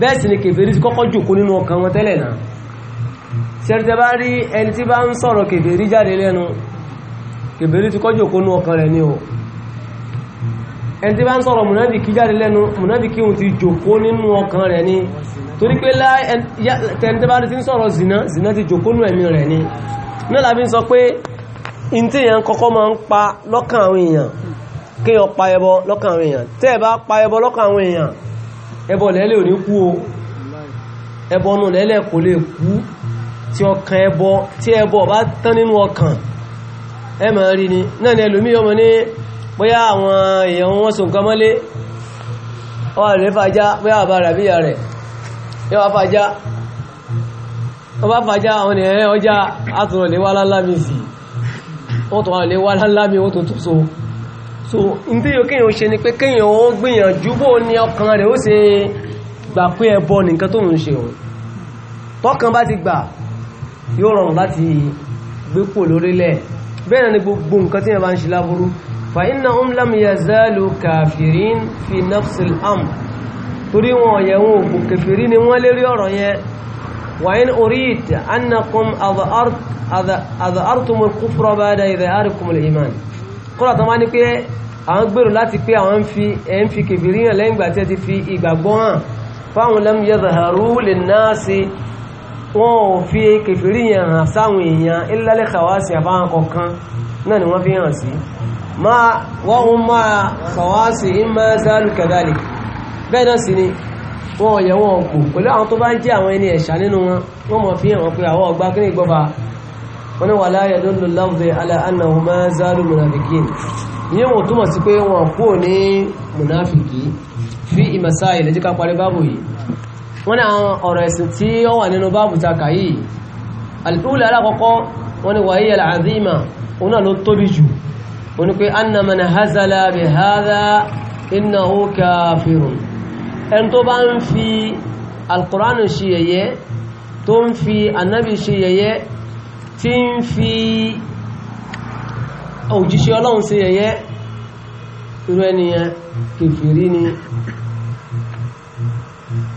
bẹ́ẹ̀ sì ni kèfèrí kọ́kọ́ jòkó nínú ọkàn wọn tẹ́lẹ̀ náà ṣẹ́rìtẹ́ bá rí ẹni tí bá ń sọ̀rọ̀ kèfèrí jáde lẹ́nu kèfèrí ti kọ́jò kó nú ọkàn rẹ̀ ní o ẹni tí bá ń sọ̀rọ̀ mùnábìkí jáde lẹ́nu mùnábìkí òun ti jòkó nínú ọkàn rẹ̀ ní torí pé tẹ́ntẹ́ bá rí ti ẹbọ lọ́kàn àwọn èèyàn tẹ́ẹ̀ bá pa ẹbọ lọ́kàn àwọn èèyàn ẹbọ lẹ́lẹ̀ ò ní kú o ẹbọ nù lẹ́lẹ̀ kò lè kú tí ọkàn ẹbọ tí ẹbọ bá tán nínú ọkàn ẹ máa rí ni náà ni ẹlòmí ọmọ ní bóyá àwọn èèyàn wọn sùn kan mọ́lé ọwà rẹ̀ fàájá bóyá àbá ràbíyà rẹ̀ yọwà fàájá wọ́n bá fàájá àwọn ènìyàn ọjà àtúrọ̀ lè wá lálámi sí wọ́n tó wà lè so n tí yóò kíyàn ṣe ni pé kíyàn ó gbìyànjú bó ní ọkàn rẹ̀ ó ṣe gbà pé ẹbọ nìkan tó ń ṣe òun tọ́kàn bá ti gbà yóò rọrùn láti gbépò lórílẹ̀ bẹ́ẹ̀ ni gbogbo nǹkan tí yẹn bá ń ṣe láburú fa innahum lam yazalu kafirin fi nafsil amr torí wọn ọ̀yẹ̀ kọ́lá tó máa ní pé àwọn gbèrò láti pé àwọn ń fi ẹ̀ ń fi kèfèrí hàn lẹ́yìn ìgbà tí ẹ ti fi ìgbàgbọ́ hàn fáwọn lam yadharu lin nasi wọn ò fi kèfèrí yẹn hàn sáwọn èèyàn illa li khawasi àbáwọn kọ̀ọ̀kan náà ni wọ́n fi hàn sí máa wọ́n ń fi hàn wọn pé àwọn ọgbà wọ́n ní wala yadullu lafzi ala annahu ma zalu munafiqin ìyẹn wọ́n túmọ̀ sí pé wọ́n kú ní munafiki fi ìmọ̀sáyì lẹ́jẹ́ ká parí báàbù yìí wọ́n ní àwọn ọ̀rọ̀ ẹ̀sìn tí ó wà nínú báàbù ta yìí alìkúlẹ̀ tí ń fi òjíṣẹ́ ọlọ́run sí ẹ̀yẹ́ irú ẹniyàn kèfèrí ni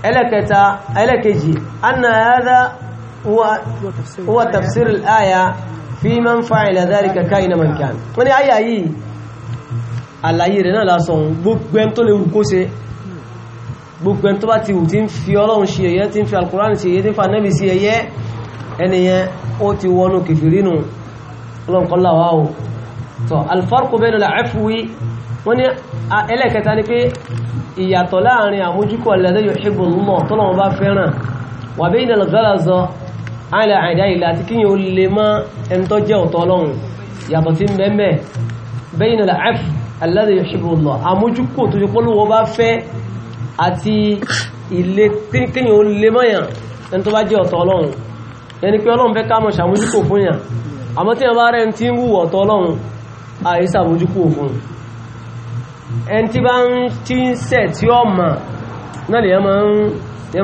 ẹlẹ́kẹta ẹlẹ́kẹjì anna hadha huwa tafsir al-aya fi man fa'ila dhalika kaina man kan wọ́n ni àyà yìí àlàyé rẹ̀ náà lásán gbogbo ẹn tó lè wù kó ṣe gbogbo ẹn tó bá ti wù tí ń fi ọlọ́run sí ẹ̀yẹ́ tí ń fi alkùránì sí ẹ̀yẹ́ tí ń fa nẹ́bì sí ẹ̀yẹ́ ẹniyàn ó ti wọnú kìfìrí nù ọlọ́nkọ́lá wa o tọ́ alfarku bẹ́ẹ̀ nílá ẹ̀fúwí wọ́n ní ẹlẹ́kẹta ni pé ìyàtọ̀ láàrin àmójúkọ̀ alladhi yuhibbullah tọ́lọ́wọ́ bá fẹ́ràn wà bẹ́ẹ̀ nílá ghalaza àìlà àìdá ìlà àti kíyàn ó lè mọ́ ẹntọ́ jẹ́ ọ̀tọ̀ ọlọ́run yàtọ̀ tí mẹ́mẹ́ bẹ́ẹ̀ nílá ẹ̀f alladhi yuhibbullah àmójúkọ̀ tó ti pọ́lọ́wọ́ bá fẹ́ àti yẹni pé ọlọ́run fẹ́ káàmọ̀ ṣàmójúkò fún yàn àmọ́ tí wọ́n bá rẹ̀ tí ń wùwọ̀ tọ́ ọlọ́run àìsàmójúkò fún ẹni tí bá ń tí ń sẹ̀ tí ó mà náà lè yẹ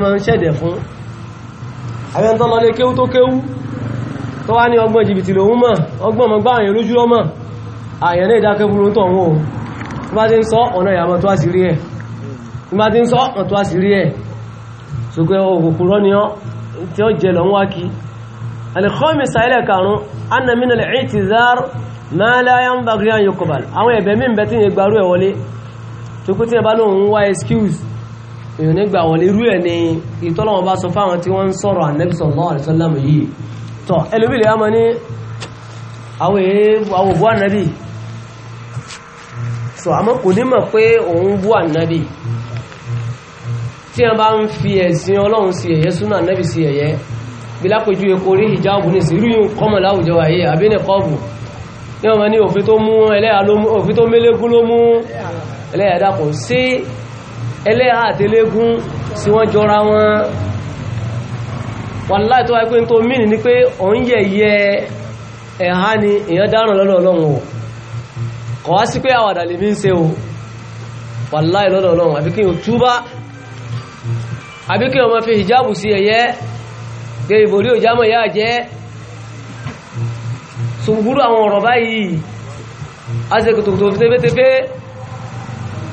máa ń ṣẹ̀dẹ̀ fún àwọn tó lọlé kéwú tó kéwú tó wá ní ọgbọ́n jìbìtì lòun mọ̀ ọgbọ́n mọ̀ gbá àyàn lójú ọmọ àyàn náà ìdákẹ́ burú tó wọn o tó tí ó jẹ lọ ń wá kí al-khamis sàílẹ̀ karùn anna min al-i'tizar ma la yanbaghi an yuqbal àwọn ẹ̀bẹ̀ mí bẹ́ tí ní gbarú ẹ̀ wọlé tó kú tí ẹ bá lóun wá excuse èèyàn ní gbà wọlé rú ẹ̀ ní ìtọ́lọ́wọ́n bá sọ fáwọn tí wọ́n ń sọ̀rọ̀ tí wọ́n bá ń fi ẹ̀sìn ọlọ́run sí ẹ̀yẹ́ súnà nẹ́bì sí ẹ̀yẹ́ bí lápẹjú epo rí hijabu ní sí ríyìn kọ́mọ̀ láwùjọ ayé àbínẹ̀ kọ́ọ̀bù ní ọmọ ní òfin tó mú òfin tó mélégún ló mú ẹlẹ́yà dàpọ̀ sí ẹlẹ́yà àtẹlégún sí wọ́n jọra wọn wàláì tó wáyé pé tó mìnì ni pé òun yẹ̀yẹ ẹ̀há ni èèyàn dáràn lọ́dọ̀ àbí kí wọ́n máa fi hijabu sí ẹ̀yẹ́ pé ìbòrí òjámọ̀ yá jẹ́ ṣùgbúrú àwọn ọ̀rọ̀ báyìí azẹ́kùtùkùtù tẹ́bẹ́tẹ́bẹ́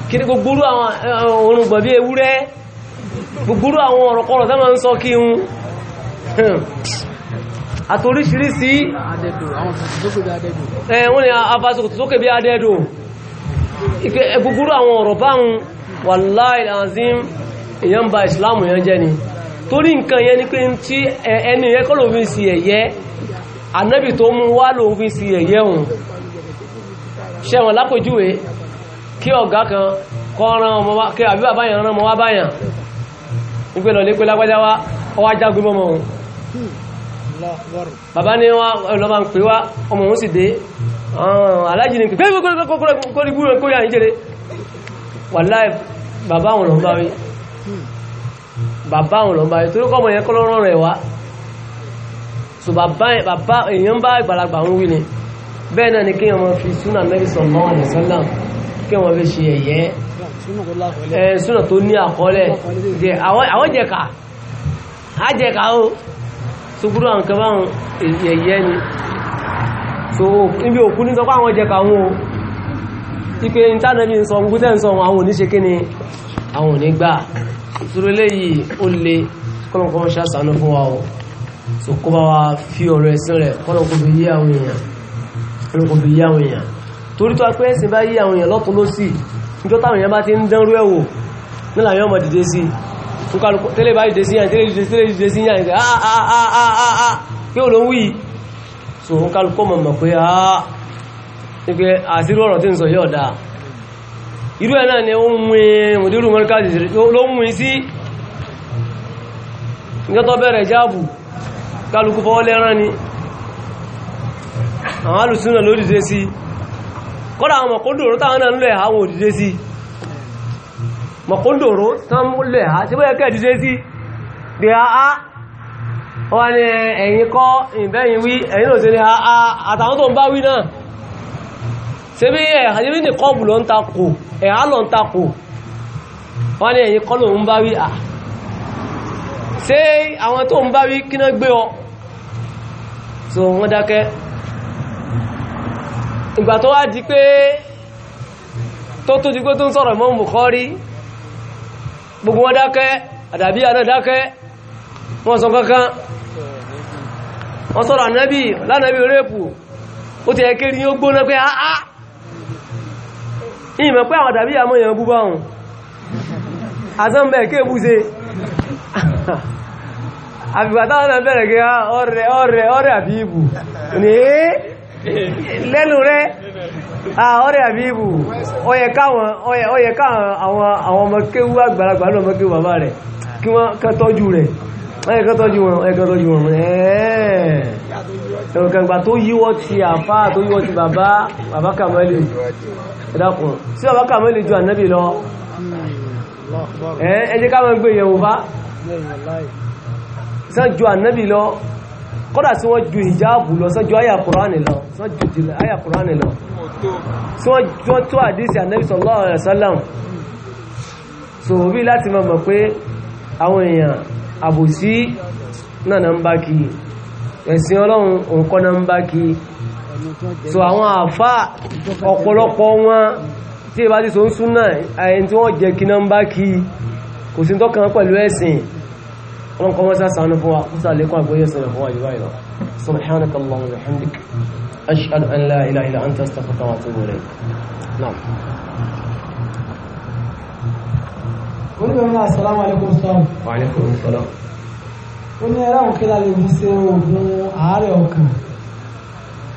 kí ní gbogbúrú àwọn eh, orun gbọ̀bí ewúrẹ́ gbogbúrú àwọn ọ̀rọ̀ kọ̀rọ̀ tẹ́ máa ń sọ kí un àtoríṣiríṣi eh, wọ́n ni afasokùtù sókè bí adẹ́dò eh, gbogbúrú àwọn ọ̀rọ̀ báhun wàláì azim èyàn ń ba ìsìláàmù yẹn jẹ́ ni torí nǹkan yẹn ni pé tí ẹni yẹn kọ́ lòun fi si ẹ̀yẹ ànábì tó mú wá lòun fi si ẹ̀yẹ hùn ṣẹ́wọ̀n lápòjúwe kí ọ̀gá kan kọ́ ran ọmọ wá kí àbí bàbá yẹn ran ọmọ wá báyàn nígbè lọ lé pé lágbájá wá ọwá jágun mọ́mọ́ òun bàbá ní wá ọlọ́mà ń pè wá ọmọ òun sì dé alájì ní pé kó rí búrò kó yà ní jẹ́rẹ́ wà láì bàbá òun lọ́gbà wí bàbá àwọn lọ́nba yẹn torí kọ́mọ yẹn kọ́ lọ́rọ́ rẹ̀ wá so bàbá èèyàn bá ìgbàlagbà ń wí ni bẹ́ẹ̀ náà ni kí wọ́n fi súnà Nabi sallallahu alaihi wasallam kí wọ́n fi ṣe ẹ̀yẹ́ ẹ̀ súnà tó ní àkọọ́lẹ̀ jẹ àwọn jẹ̀ka àjẹ̀ka o sukuru àwọn kan báwọn ẹ̀yẹ́ ni so níbi òkú ní sọ pé àwọn jẹ̀ka wọn o ipe ní tánàbí ń sọ gbogbo tẹ́ ń sọ àwọn oníṣe kí ni àwọn ò ní gbà ìṣòro eléyìí ó le kọ́lọ́kọ́ ṣàṣàánú fún wa o so kó bá wa fi ọ̀rọ̀ ẹ̀sìn rẹ̀ kọ́lọ́kọ́ fi yé àwọn èèyàn kọ́lọ́kọ́ fi yé àwọn èèyàn torí tó pé ẹ̀sìn bá yé àwọn èèyàn lọ́tún lọ́sì níjọ́ táwọn èèyàn bá ti ń dánrú ẹ̀ wò ah ah ah ah ah ah kí ò ló ń wí so kúkàlùkù mọ̀ mọ̀ pé ah irú ẹ̀ náà ni ó ń win e, mùdírù mọ́ríkàzì ló ń win e sí ìjọ́tọ̀ bẹ̀rẹ̀ jáàbù kálukú ni àwọn alùsúnà ló dìde sí kọ́dà àwọn mọ̀kóndòrò táwọn náà lẹ̀ àwọn òdìde sí mọ̀kóndòrò táwọn lẹ̀ ha di ha wọ́n ni ha ṣebí ẹ̀hàlẹ́bí ní kọ́ọ̀bù ló ń takò ẹ̀há lọ ń takò wọ́n ní ẹ̀yìn kọ́lù ń bá wí à ṣé àwọn tó ń bá wí kí náà gbé ọ so wọ́n dákẹ́ ìgbà tó wá di pé tó tó di pé tó ń sọ̀rọ̀ mọ́ Bukhari gbogbo wọn dákẹ́ àdàbí àná dákẹ́ wọ́n sọ kankan wọ́n sọ̀rọ̀ ànábì lánàbì rẹ́pù ó ti ẹ̀kẹ́rin ó gbóná pé áá ìmọ̀ pé àwọn tàbí àmọ́ èèyàn búbá ọ̀hún àtọ́m̀bẹ̀ kéèbù se àfìgbàtàwọn náà bẹ̀rẹ̀ gẹ́ ọ̀rẹ́ ọ̀rẹ́ ọ̀rẹ́ àbíbù ní lẹ́nu rẹ̀ ọ̀rẹ́ àbíbù ọyẹ káwọn àwọn ọmọ kéwú àgbàlagbà náà mọ́ kéwú bàbá rẹ̀ kí wọ́n kẹ́ tọ́jú rẹ̀ ọyẹ kẹ́ tọ́jú wọn ọyẹ kẹ́ tọ́jú wọn ẹ̀ẹ́ ẹ̀rọ̀kẹ̀gbà tó yíwọ́ ti àfáà tó yíwọ́ ti bàbá bàbá kàmẹ́lì ẹ̀dàkùn sí ọbákà mọ́ lè ju ànábì lọ ẹjẹ́ ká mọ́ gbé yẹ̀wò bá sọ ju ànábì lọ kọ́dà tí wọ́n ju ìjáàbù lọ sọ́jú àyà kùránì lọ sọ́jú jùlọ àyà kùránì lọ tí wọ́n tó àdísì ànábì sallallahu alaihi wasallam so bí láti mọ̀ mọ̀ pé àwọn èèyàn àbòsí náà na ń bá kí ẹ̀sìn ọlọ́run òǹkọ́ na ń so àwọn àfá ọ̀pọ̀lọpọ̀ wọn tí ìbá ti so ń súnà ẹni tí wọ́n jẹ kí náà ń bá kí kò sí tọ́kàn pẹ̀lú ẹ̀sìn wọn kọ́ wọ́n sá sànú fún wa kúsà lẹ́kọ́ àgbóyè sẹ̀rẹ̀ fún àjúbá ìlọ subhanaka Allahumma wa bihamdika ashhadu an la ilaha illa anta astaghfiruka wa atubu ilayk naam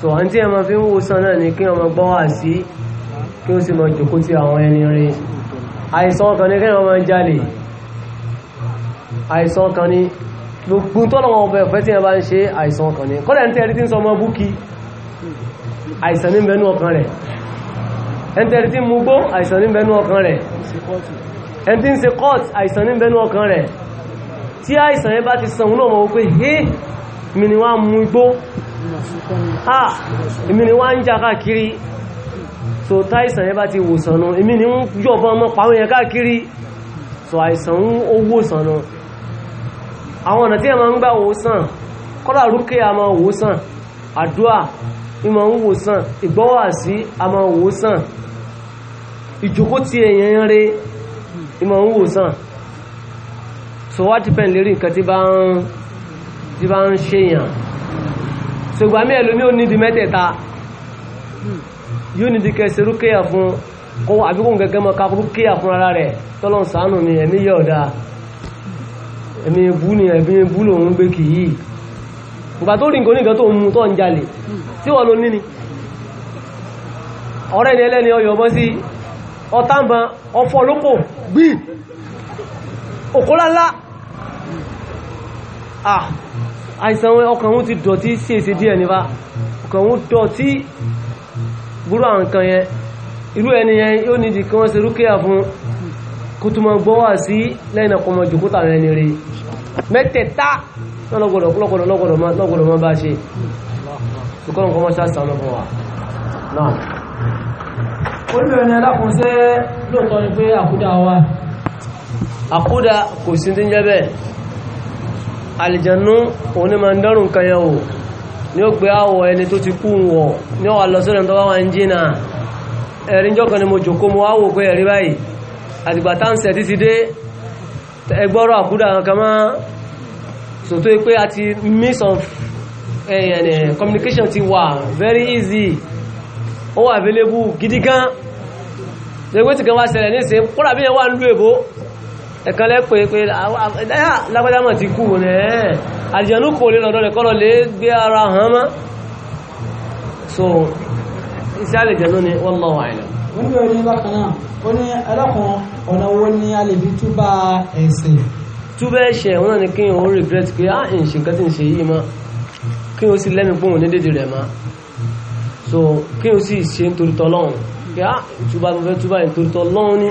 so àwọn tí ẹ máa fi ń wò sàn ni kí ọmọ gbọ́ wà sí kí ó sì máa jòkó ti àwọn ẹni rí àìsàn kan ní kẹ́yìn ọmọ jalè àìsàn kan ní gbogbo tọ́lọ̀ wọn ọbẹ̀ ọ̀fẹ́ tí ẹ bá ń ṣe àìsàn kan ní kọ́lẹ̀ ń tẹ́rí tí ń sọ ọmọ búkí àìsàn ní bẹnu ọkàn rẹ̀ ẹn tẹ́rí tí mú gbó àìsàn ní bẹnu ọkàn rẹ̀ ẹn tí ń ṣe court àìsàn ní bẹnu ọkàn rẹ̀ tí àìsàn yẹn bá ti sàn wọn ọmọ wípé hé mi ni wọ́n mú igbó ah èmi ni wá ń já káàkiri so taisan yẹn bá ti wòsàn nù èmi ni ń yọ̀bọn ọmọ pàwọn yẹn káàkiri so àìsàn ń owó sàn nù àwọn ọ̀nà tí a máa ń gbà wòsàn kọ́lá rúkè a máa wòsàn àdúà ìmọ̀ ń wòsàn ìgbọ́wàsí a máa wòsàn ìjókòó tí èèyàn rẹ̀ ìmọ̀ ń wòsàn so wá dìpẹ̀ lérí nǹkan tí bá ń ṣèyàn ṣùgbọ́n mí ẹlòmí ò nídi mẹ́tẹ̀ẹ̀ta yóò nídi kẹsì rúkẹ́yà fún kó àbí kó gẹ́gẹ́ fún ara rẹ̀ tọ́lọ́n sànù mi ẹ̀mí yẹ ọ̀dà ẹ̀mí bú ni ẹ̀mí bú lòun gbé kì í tó rí nǹkan oníkan tó tó ń jalè tí ní ni ni sí àìsàn ọkàn wọn ti dọ̀tí sí èsì díẹ̀ nípa ọkàn wọn dọ̀tí burú àwọn nǹkan yẹn irú ẹni yẹn yóò nídìí kí wọ́n ṣe rúkìá fún kó tó máa gbọ́ wà sí lẹ́yìn ọkọ̀ ọmọ ìjòkó tàwọn ẹni rí mẹ́tẹ̀ẹ̀ta lọ́gbọ̀dọ̀ lọ́gbọ̀dọ̀ lọ́gbọ̀dọ̀ máa bá ṣe ṣùkọ́ nǹkan wọ́n ṣàṣà ọmọ wa náà. olùbẹ̀rẹ̀ ni alákùnṣe lóòótọ́ ni pé àkúdà wa àkúdà kò sí ti ń jẹ́ bẹ́ẹ̀ alìjẹnú òní ma ń dọ́rùn kan yẹn o ní ó gbé àwọ̀ ẹni tó ti kú wọ̀ ní ọ̀wà lọ sórí ẹ̀ntọ́ bá wà ń jìnà ẹ̀rin jọ́kan ni mo jòkó mo wá wò pé ẹ̀rí báyìí àtìgbà táǹsẹ̀ títí dé ẹgbọ́rọ̀ àkúdà kan sòtó pé a ti miss of communication ti wà very easy ó wà available gidi gan ṣe pé tí kan wá ṣẹlẹ̀ ní ìsìn kó ẹ̀kan lẹ́pẹ́ pé lágbàdámà ti kú rẹ̀ àdìjànú kò lè lọ́dọ́ rẹ̀ kọ́lọ̀ lè gbé ara hàn mọ́ so iṣẹ́ àlèjànú ni wọ́n lọ wà ilẹ̀ wọ́n ní ọdún bákan náà ó ní ẹlọ́kùn ọ̀nà owó ní a lè fi túbà ẹ̀ṣẹ̀ túbà ẹ̀ṣẹ̀ wọn ni kí o regret pé á ah, ń ṣe nǹkan tí ń ṣe yìí mọ́ kí o sì lẹ́nu pòun ní dédé rẹ̀ mọ́ so kí o sì ṣe nítorí tọ́lọ́run pé á ah, túbà tó fẹ́ túbà nítorí tọ́lọ́run ni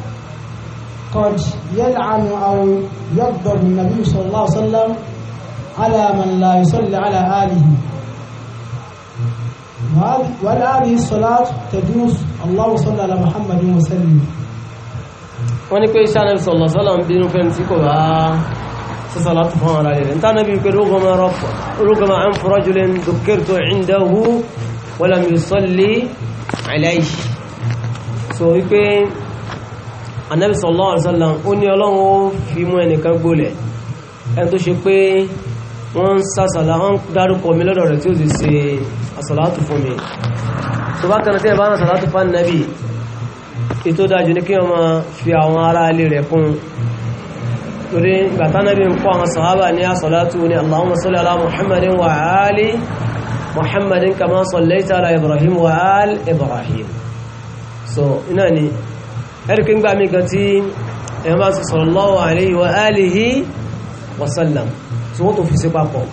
قد يلعن أو يغضب النبي صلى الله عليه وسلم على من لا يصلي على آله وهذه الصلاة تجوز الله صلى على محمد وسلم wọ́n ní pé iṣẹ́ anábi sọ̀lọ̀ sọ́lọ̀ ń bínú fẹ́ tí kò bá sọ́sọ́lá tó fún ara rẹ̀ tánàbí pé rúgbọ́mọ̀ an fúrọ́júlẹ̀ ń dùkẹ́rìtò ìndáhú wọ́lá mi sọ́lẹ̀ aláìṣì so wípé anabi sallallahu alaihi wasallam ó ní ọlọ́run ó fi mú ẹnìkan gbolẹ̀ ẹni tó ṣe pé wọ́n ń sàṣàlá wọ́n dárúkọ mi lọ́dọ̀ rẹ̀ tí ó sì ṣe àṣàlátù fún mi tó bá kan tí ẹ bá ń àṣàlátù fún anabi ètò dájú ní kí wọ́n máa fi àwọn ará ilé rẹ̀ kún torí gbàtà anabi ń kọ́ àwọn sàhábà ní àṣàlátù ní allahumma salli ala muhammadin wa ali muhammadin kama sallaita ala ibrahim wa al ibrahim so ina ni ẹ̀rí pé ń gbà mí gan tí ẹ̀yàn bá sọ sallallahu alayhi wa alihi wa sallam tí wọ́n tó fi sí papọ̀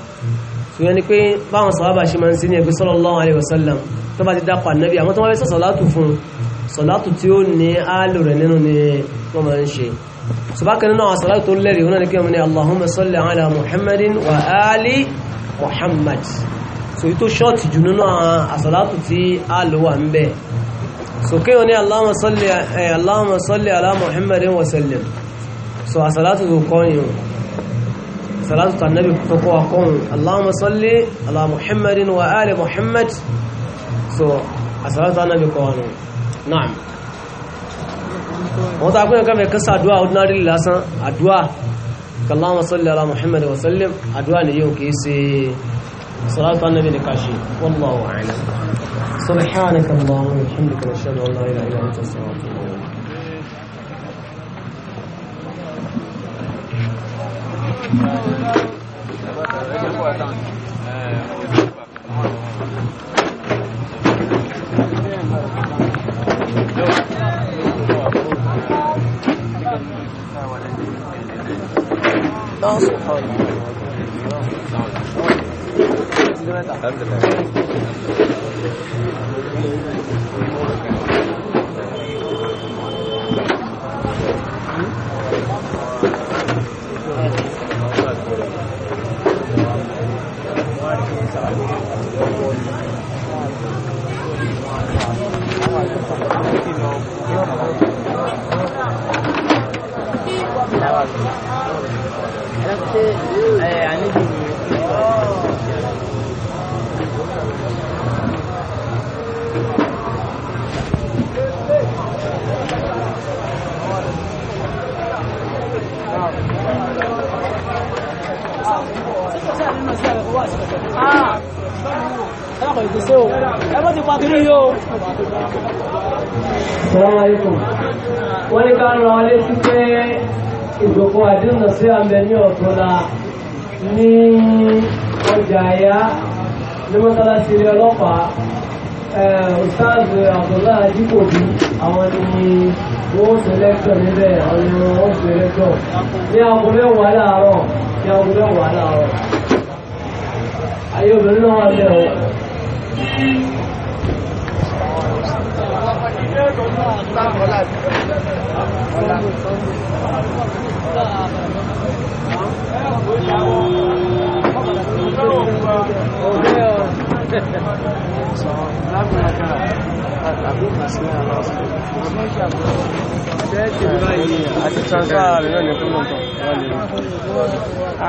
tí wọ́n ni pé báwọn sàhábà ṣe máa ń sí ní ẹgbẹ́ sallallahu alayhi wa sallam tó bá ti dápọ̀ ànábì àmọ́ tó wọ́n fẹ́ sọ sọ̀látù fún sọ̀látù tí ó ní áàlù rẹ̀ nínú ni sókè wọn ni Allahumma salli Allahumma salli ala Muhammadin wa sallim so a salatu tó kọ́ yìí salatu ta nabi tó kọ́ wa kọ́ yìí Allahumma salli ala Muhammadin wa ali Muhammad so a salatu ta nabi kọ́ wa nù na'am wọ́n ta kúnyẹ̀ kẹfẹ́ kẹsà àdúwà ordinary lásán àdúwà kallama salli ala muhammad wa sallim àdúwà ni yíò kìí ṣe salatu annabi ni kashi wallahu a'lam سبحانك اللهم وبحمدك نشهد ان لا اله الا انت استغفرك لا الله Gracias. ẹ̀kọ́ ìgbésẹ̀ o ẹgbẹ́ ti pàtírí yóò sọ́wọ́n àríkùn wọ́n ní ká rán alé sí pé ìgbòkó àdínà sí àmì ní ọ̀tọ́lá ní ọjà àyá ní mọ́sálásí ilé ọlọ́pàá ustaz abdullahi ajibobi àwọn ni wọ́n ṣe lẹ́kọ̀ọ́ níbẹ̀ àwọn ni wọ́n ṣe lẹ́kọ̀ọ́ ní agunlẹ́wà láàárọ̀ ní agunlẹ́wà láàárọ̀ ayé obìnrin náà wà lẹ́ o. Àti transfer rẹ̀ náà ní fún mọ̀tàn wọ́n lè.